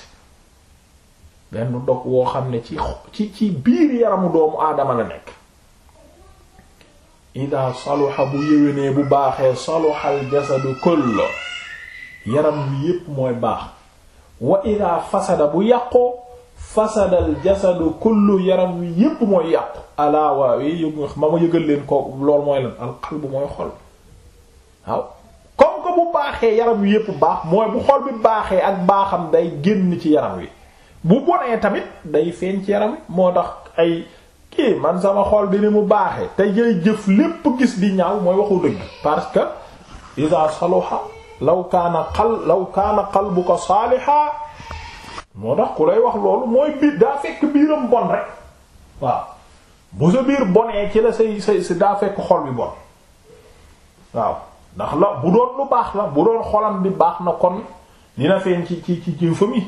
benn dog woo xam ne ci ci ci biir yaramu doomu aadama la nekk ida saluxa bu yéwénee bu baaxee saluxa aljasadu kullu yaram wi yépp mooy baax wa ida fasada bu yàqoo fasadal jasadu kullu yaram wi yépp mooy yàqu alaa waaw e, ma ma yëgal leen ko lool mooy lan alqalbu mooy xol waaw comme que bu baaxee yaram wi yépp baax mooy bu xol bi baaxee ak baaxam day génn ci yaram wi bu bonee tamit day feeñ ci yaram wi moo tax ay kii man sama xol bi ni mu baaxee te jay jëf lépp gis di ñaaw mooy waxu dëgg parce que isa saluha law kaana xal law kaana qalbuka saaliha moo tax ku lay wax loolu mooy biir daa fekk biiram bon rek waaw bu sa biir bonee ci la say say si daa fekk xol bi bon waaw ndax la bu doon lu baax la bu doon xolam bi baax na kon dina feeñ ci ci ci jëfam yi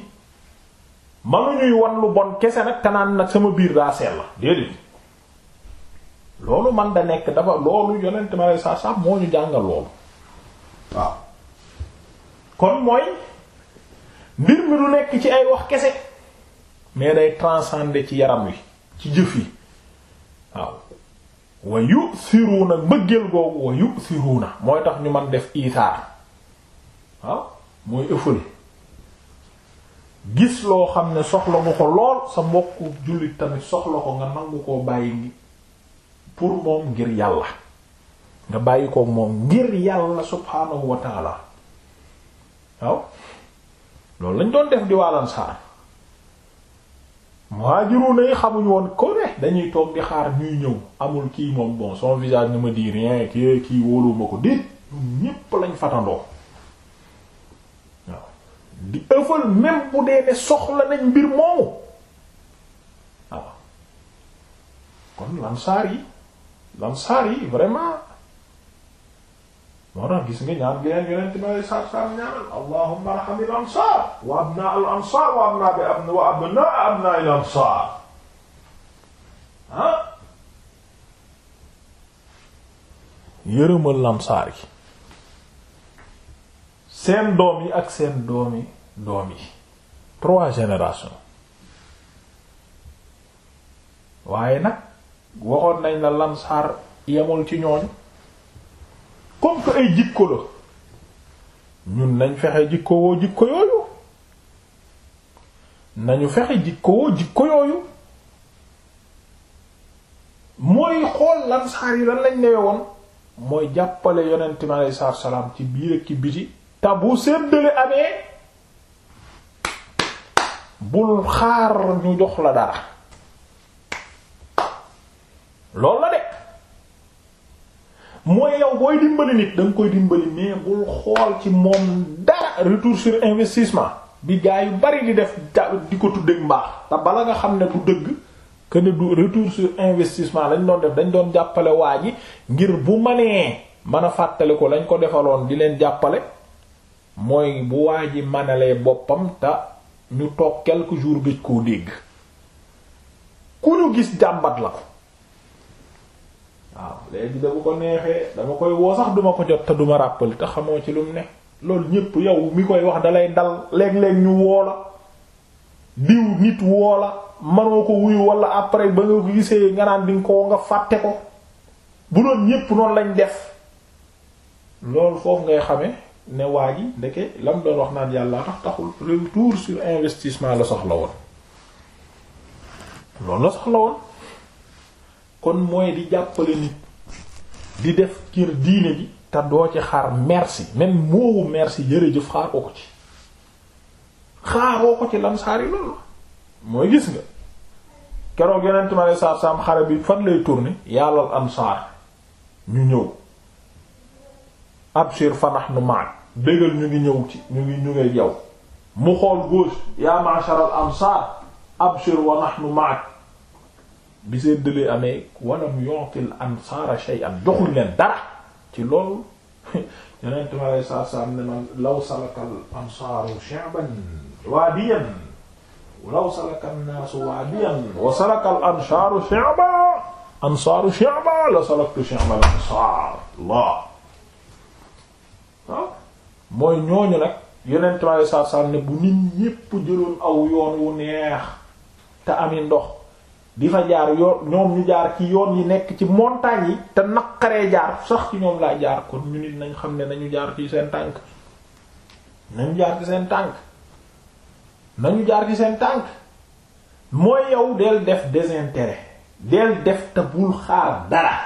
mënuñuy wan lu bon kese nag te naan nag sama biir daa sell la déedéet loolu man da nekk dafa loolu yonent ma lay saa saa moo ñu jàngal loolu waaw kon mooy mbir mi du nekk ci ay wax kese mais day transcender ci yaram wi ci jëf yi waaw wa yu'thiruna mbëggeel googu wa yu'thiruna mooy tax ñu man def iisaar waaw mooy ëffal gis loo xam ne soxla nga ko lool sa mbokku jullit tamit soxla ko nga nangu koo bàyyi ngi pour moom ngir yàlla nga bàyyi ko moom ngir yàlla subhaanahu wa ta'ala waaw loolu lañ doon def di waalan saar muhajiruna yi xamuñ woon ko ne dañuy toog di xaar ñuy ñëw amul kii moom bon son visage ne me dit rien kii kii wóoluwuma ko déet ñépp lañ fatandoo waaw di ëffal même bu dee ne soxla nañ mbir moomu waaw kon lansaar yi lansaar yi vraiment moo tax gis nga ñaan geneen yonent ma saar saar ñaanal allahumma arham al ansar wa abna al ansar wa ah yërëmal lamsaar yi seen doom yi ak seen doom yi doom yi trois générations waaye nag waxoon nañ la lamsaar yemul ci ñooñ comme que ay jikko la ñun nañ fexe jikko woo jikko yooyu nañu fexe jikko woo jikko yooyu mooy xool lamsaar yi lan lañ newe woon mooy jàppale yonent mi aleyhi salaam ci biir ak ci biti te bu séddale amee bul xaar ñu jox la dara loolu la de mooy yow booy dimbali nit da nga koy dimbali mais bul xool ci moom dara retour sur investissement bi gaa yu bari di def di ko tuddeeg mbaax te bala nga xam ne du dëgg que ne du retour sur investissement lañ doon def dañu doon jàppale waa ji ngir bu manee mën a fàttali ko lañ ko defaloon di leen jàppale mooy bu waa ji manalee boppam te ñu toog quelques jours gëj koo dégg ku ñu gis jàmbat la ko waaw léegi da bu ko neexee dama koy woo sax duma ko jot te duma rappali te xamoo ci lu mu ne loolu ñépp yow mi koy wax dalay dal léeg-léeg ñu woola la diw nit woo manoo ko wuyu wala après ba nga ko gisee nga naan bi dinga ko nga fàtte ko bu doon ñépp noonu lañ def lool foofu ngay xame ne waa ji ndeke lam doon wax naan yàlla tax taxul retour sur investissement la soxla woon loolu la soxla woon kon mooy di jàppale nit di def kër diine ji te doo ci xaar merci même moowu merci jërëjëf xaaroo ko ci xaaroo ko ci lamsaar yi loolu mooy gis nga keroog yonent ma ne saar saam xare bi fan lay tourner yàllal ansaar ñu ñëw abshir fanax nu maak bégal ñu ngi ñëw ci ñu ngi ñu ngi yow mu xool gauche yaa ma'shar al ansaar abshir wa nahnu ma'ak bi séddalee amee walam yu'til ansaara shay'an joxuñ leen dara ci loolu yeneen i ma lay saa saa ne man law salakal ansaaru shi'ban waadiyan law la salaktu shi'ban ansaar Allah ah, mooy ñooñu nag yeneen i ma ne bu nit ñépp jëloon aw yoon wu neex te ami ndox. di fa jaar ñoom ñu jaar ci yoon yi nekk ci montagne yi te naqaree jaar sax ci ñoom laa jaar kon ñu nit nañ xam ne nañu jaar ci seen tànk nañu jaar ci seen tànk nañu jaar seen tànk mooy yow del def désintérêt del def te bul xaar dara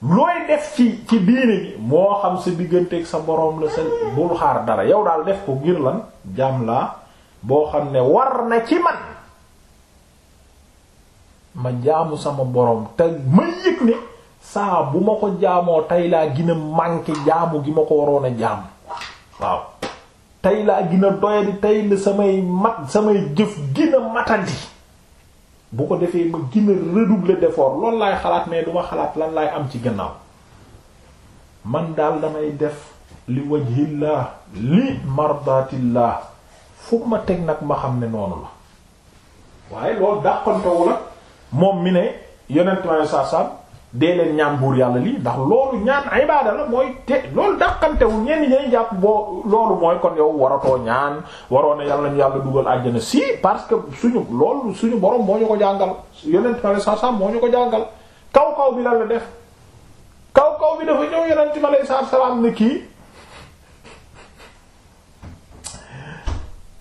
looy def ci ci diine bi moo xam sa digganteeg sa boroom la sa bul xaar dara yow daal def ko ngir lan jàmm laa boo xam ne war na ci man ma jaamu sama borom te ma yëg ne saa bu ma ko jaamoo tey laa gën a manqué jaamu gi ma ko waroon a jàmm waaw tey laa gën a doyadi tey samay mat samay jëf gën a matandi bu ko defee ma gën a redoubler d'effort loolu laay xalaat mais duma xalaat lan laay am ci gannaaw man daal damay def li wajhillah li mardatillah foog ma teg nag ma xam ne noonu la waaye loolu dàqantewul ak moom mi ne yonent mi alei satu salaam dee leen ñaan buur yàlla lii ndax loolu ñaan ibaada la mooy te loolu dàqantewul ñenn ñi dañuy jàpp boo loolu mooy kon yow waratoo ñaan waroon na yàlla ñu yàlla dugal àjjana si parce que suñu loolu suñu borom moo ñu ko jàngal yonent mi alei satu salaam moo ñu ko jàngal kaw kaw bi la la def kaw kaw bi dafa ñëw yonent mi alei satu salaam ne kii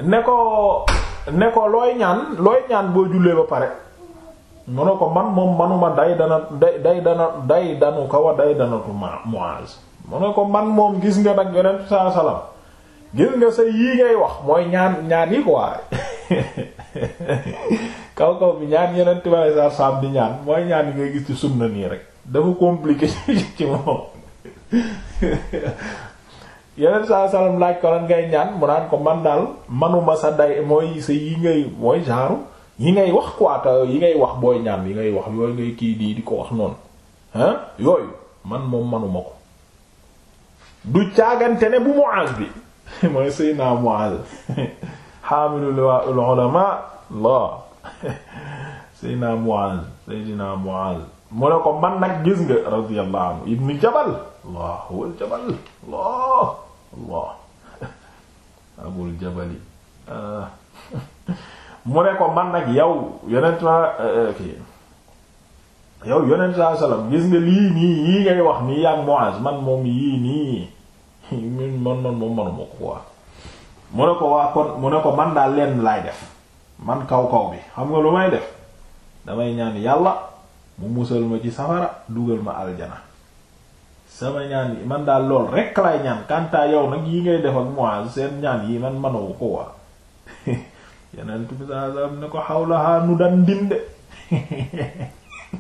ne ko ne ko looy ñaan looy ñaan boo jullee ba pare mu ne ko man moom manuma day dana day day dana day danu kaw a day danatu Muaz mu ne ko man moom gis nga nag yonent saa salaam gis nga sa yii ngay wax mooy ñaan ñaan yi quoi kaw kaw bi di ñaan mooy ñaan yi ngay gis ci sunna nii rek dafa compliqué ci moom yeneen saa salaam laaj ko lan ngay ñaan mu naan ko man daal manuma sa day mooy sa yi ngay mooy genre yi ngay wax quoi yi ngay wax booy ñaan yi ngay wax yooyu ngay kii di di ko wax noonu hein yooyu man moom manuma ko du caagante ne bu Muaz bi mooy Seydina Muaz hamilu liwaa'il ulamaa Allah Seydina Muaz Seydina Muaz mu ne ko man nag gis nga radiyallahu anhu Jabal Allah huwa al-Jabal Allah Allah Abul Jabali ah. mu ne ko man nag yow yonent ma eh, yow yonent saa salaam gis nga lii nii yii ngay wax nii yaag Muaz man moom yii nii man man moom manuma ko quoi mu ne ko waa kon mu ne ko man daal lenn laay def man kaw kaw bi xam nga lu may def damay ñaan yàlla mu musal ma ci safara dugal ma aljana sama ñaan man daal lool rekk laay ñaan kantaa yow nag yi ngay def ak Muaz seen ñaan yi man manawu ko waa yeneen tu bi saa saa ko xawlaha nu dan dinde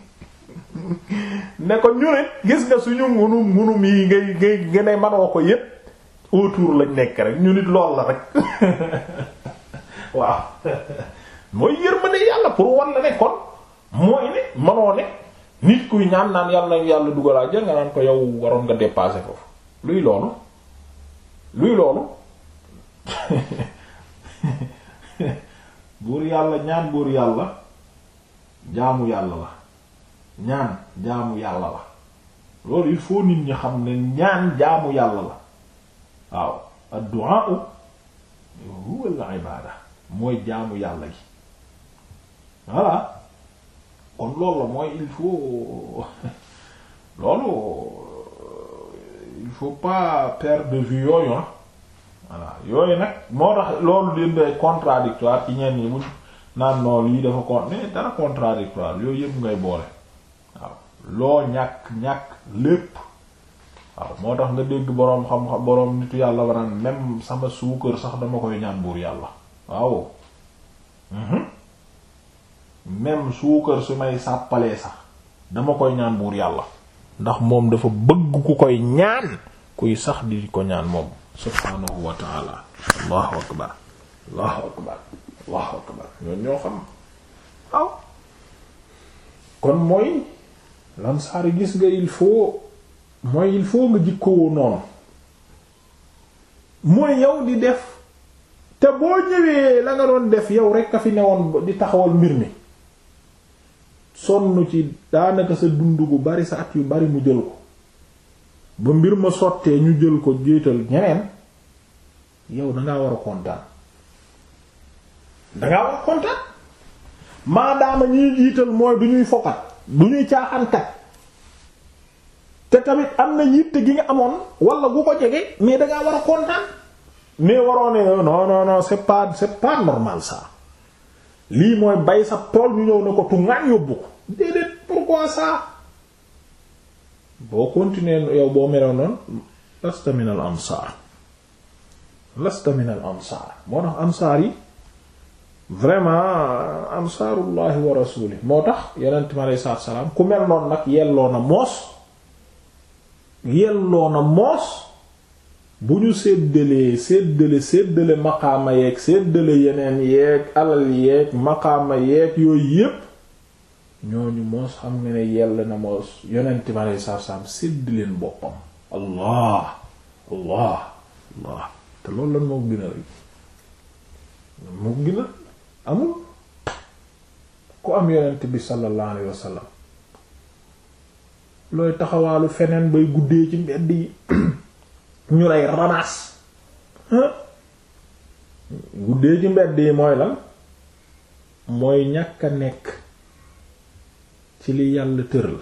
ne ko ñu ne gis nga suñu ngunum ngunum yi ngay ngay gën a manoo ko yépp autour lañ nekk rek ñu nit lool la rek waaw mooy yërmande yàlla pour wan la mooy ne manoo ne nit kuy ñaan naan yàlla nañu yàlla dugal àjjana nga naan ko yow waroon nga dépasser foofu luy loolu luy loolu buur yàlla ñaan buur yàlla jaamu yàlla la ñaan jaamu yàlla la loolu il faut nit ñi xam ne ñaan jaamu yàlla la waaw ad-du'a huwa al-ibada mooy jaamu yàlla gi voilà kon loolu la mooy il faut loolu euh, il faut pas perdre de vue yooyu voilà yooyu nag moo tax loolu leen day contradictoire ci ñenn ñi mu naan noonu lii dafa contradictoire yooyu yëpp ngay boole waaw loo ñàkk ñàkk lépp waaw moo tax nga dégg boroom xam-xam boroom nitu yàlla waraan même sama suukar sax dama koy ñaan buur yàlla waaw mhm. même su may sàppalee sax dama koy ñaan buur yàlla ndax moom dafa bëgg ku koy ñaan kuy sax di ko ñaan moom subhaanahu wa allahu akbar allahu akbar allahu akbar ñoon ñoo xam waaw kon mooy lansaar gis nga il faut mooy il faut nga jikkoo noonu mooy yow di def te boo ñëwee la nga doon def yow rekk a fi newoon di taxawal mbir mi sonn ci daanaka sa dund gu bari sa at yu bari mu jël ko ba mbir ma sottee ñu jël ko jéetal ñeneen yow dangaa war a kontaan dangaa war a kontaan maadaama ñuy jiital mooy du ñuy fokat du ñuy caaxankat te tamit am na yitte gi nga amoon wala gu ko jege mais dangaa war a kontaan mais waroo ne non non non c'est pas c'est pas normal ça lii mooy bay sa tool ñu ñëw ne ko tu ngaan yóbbu ko déedéet pourquoi ça boo continuer yow boo meloon noonu lasta min al ansaar lasta min ansaar moo tax ansaar yi vraiment ansaarullahi wa rasuli moo tax yonent mi aleyhi salaatu salaam ku mel noonu nag yelloo na moos yelloo na moos bu ñu séddalee séddale séddale maqaama yeeg séddale yeneen yeeg alal yeeg maqaama yeeg yooyu yépp ñooñu moos xam ne ne yell na moos yonent ma saa saaf-saam sédd leen boppam allah allah allah te loolu lan moo gën a moo gën amul ku am yonent bi sallallahu alayhi wasallam looy taxawaalu feneen bay guddee ci mbedd yi ñu lay ramaas guddee ci mbedd yi mooy la mooy ñàkk a nekk ci li yàlla tëral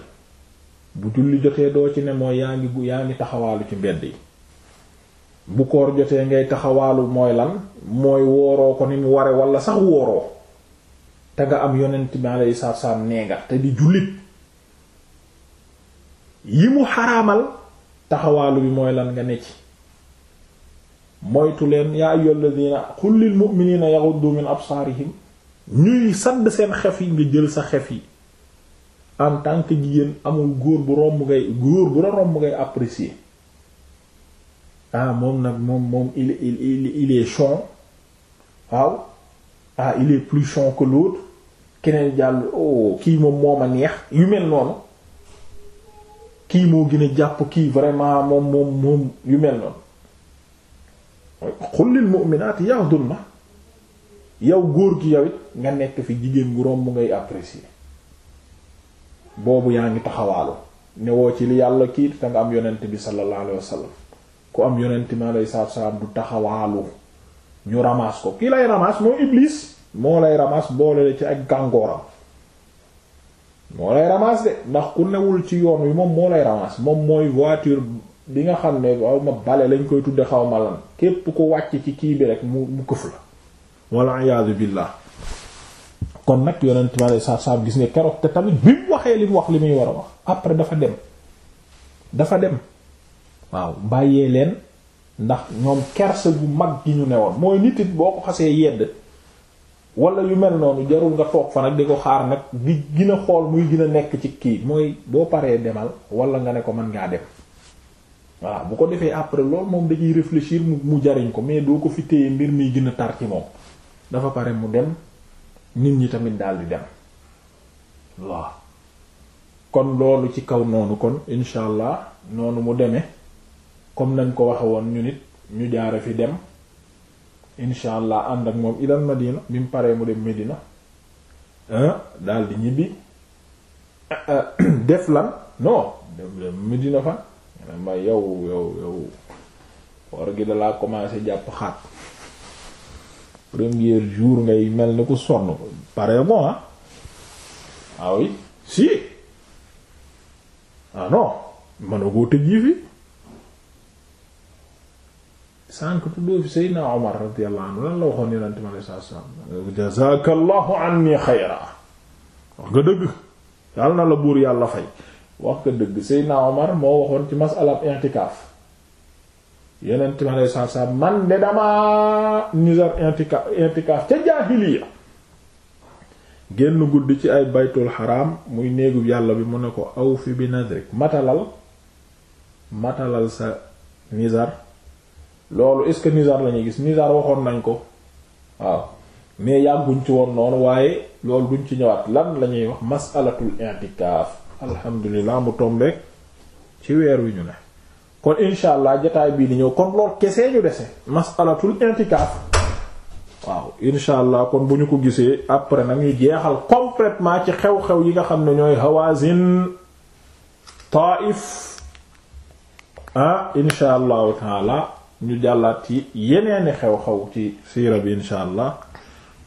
bu julli jotee doo ci ne mooy yaa ngi yaa ngi taxawaalu ci mbedd yi bu koor jotee ngay taxawaalu mooy lan mooy wooroo ko ni mu ware wala sax wooroo te nga am yonent bi alayhi salaatu salaam nee nga te di jullit yi mu xaraamal taxawaalu bi mooy lan nga ne ci moytu leen yaa ayyuhal ladina qul a mu'minina yaghuddu min absaarihim ñuy sadd seen xef yi nga jël sa xef yi en tant que jigéen amul góor bu romb ngay góor bu la romb ngay apprécier ah moom nag moom moom il il il est chon waaw ah il est plus chon que l'autre keneen jàll oh kii moom moo ma neex yu mel noonu kii moo gën a jàpp kii vraiment moom moom yu mel noonu qul lil mu'minati yahdunna yow góor gi yow nga nekk fi jigéen gu romb ngay apprécier boobu yaa ngi taxawaalu newoo ci li yàlla kii te nga am yonent bi sallallahu alayhi wasallam ku am yonent mi alayhi salaam du taxawaalu ñu ramaas ko kii lay ramaas moo iblis moo lay ramaas boole ci ak gàngooram moo lay ramaas de ndax ku newul ci yoon wi moom moo lay ramaas moom mooy voiture bi nga xam ne waaw ma bale lañ koy tudde xaw ma lan képp ku wàcc ci kii bi rek mu mu këf la walla iyaazu billah kon nag yonent ma lay saab gis nga keroog te tamit bi mu waxee li mu wax li muy war a wax après dafa dem dafa dem waaw bàyyee leen ndax ñoom kerse bu mag gi ñu ne woon mooy nit it boo ko xasee yedd wala yu mel noonu jarul nga toog fa nag di ko xaar nag di gën a xool muy gën a nekk ci kii mooy boo paree demal wala nga ne ko mën ngaa dem voilà bu ko defee après loolu moom da ciy réfléchir mu jariñ ko mais doo ko fi téye mbir mi gën a tar ci dafa pare mu dem nit ñi tamit daldi dem waaw kon loolu ci kaw noonu kon incha allah noonu mu demee kom nañ ko waxe woon ñu nit ñu jaare fi dem incha allah ànd ak moom ilal madina bi mu paree mu dem Medina daldi ñibbi def lan non dem Medina fa may yow yow yow war gi dalaa commencé jàpp xaat premier jour ngay mel ni ku sonn pare bon ah ah oui si ah non mëna koo tëj yi fi sànq tuddoo fi Seydina Omar radiyallahu anhu lan la waxoon yonente mi alayhi jazaakallahu anni xayra wax nga dëgg yàlla na la buur yàlla fay wax nga dëgg Seydina Omar moo waxoon ci mas'alaam i'tikaaf yeneen time alay saab man de damaa nizar intikaaf intikaaf ca jaahiliya génn guddi ci ay baytul xaram muy néegu yàlla bi mu ne ko aw fi bi nadrik matalal matalal sa nizar loolu est-ce lañuy gis nizar waxoon nañ ko waaw mais yàgguñ ci woon noonu waaye loolu duñ ci ñëwaat lan lañuy wax masalatul intikaaf alhamdulilah mu tombeek ci weer wi ñu ne kon insha allah jotaay bii di ñëw kon lool kesee ñu dese masalatul intikaaf waaw insha allah kon bu ñu ko gisee après nag ñu jeexal complètement ci xew-xew yi nga xam ne ñooy hawazin taif ah insha ñu jàllaat ci yeneeni xew-xew ci siira bi insha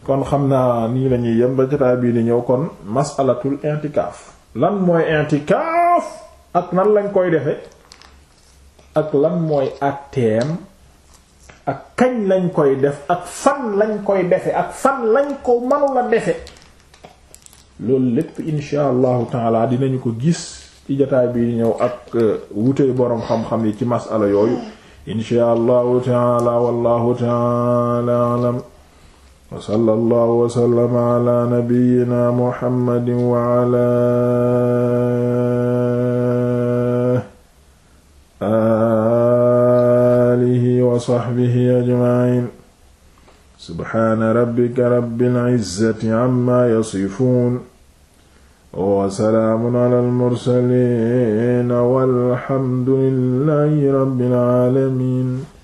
kon xam naa nii lañuy ñuy yem bii di ñëw kon masalatul intikaaf lan mooy intikaaf ak nan lañ koy defe ak lan mooy àtteem ak kañ lañ koy def ak fan lañ koy defe ak fan lañ ko manula defe loolu lépp insha allahu taala dinañu ko gis ci jotaay bi ñëw ak uh, wute boroom xam-xam yi ci masala yooyu insha allahu taala wallahu taala alam wa sallallahu wa sallama ala nabiyyina muhammadin wa saxbihi ajmaciin subxaana rabbika rabbil izzati amma yasifuun wa salaamun alal mursaliin walhamdulillahi rabbil aalamiin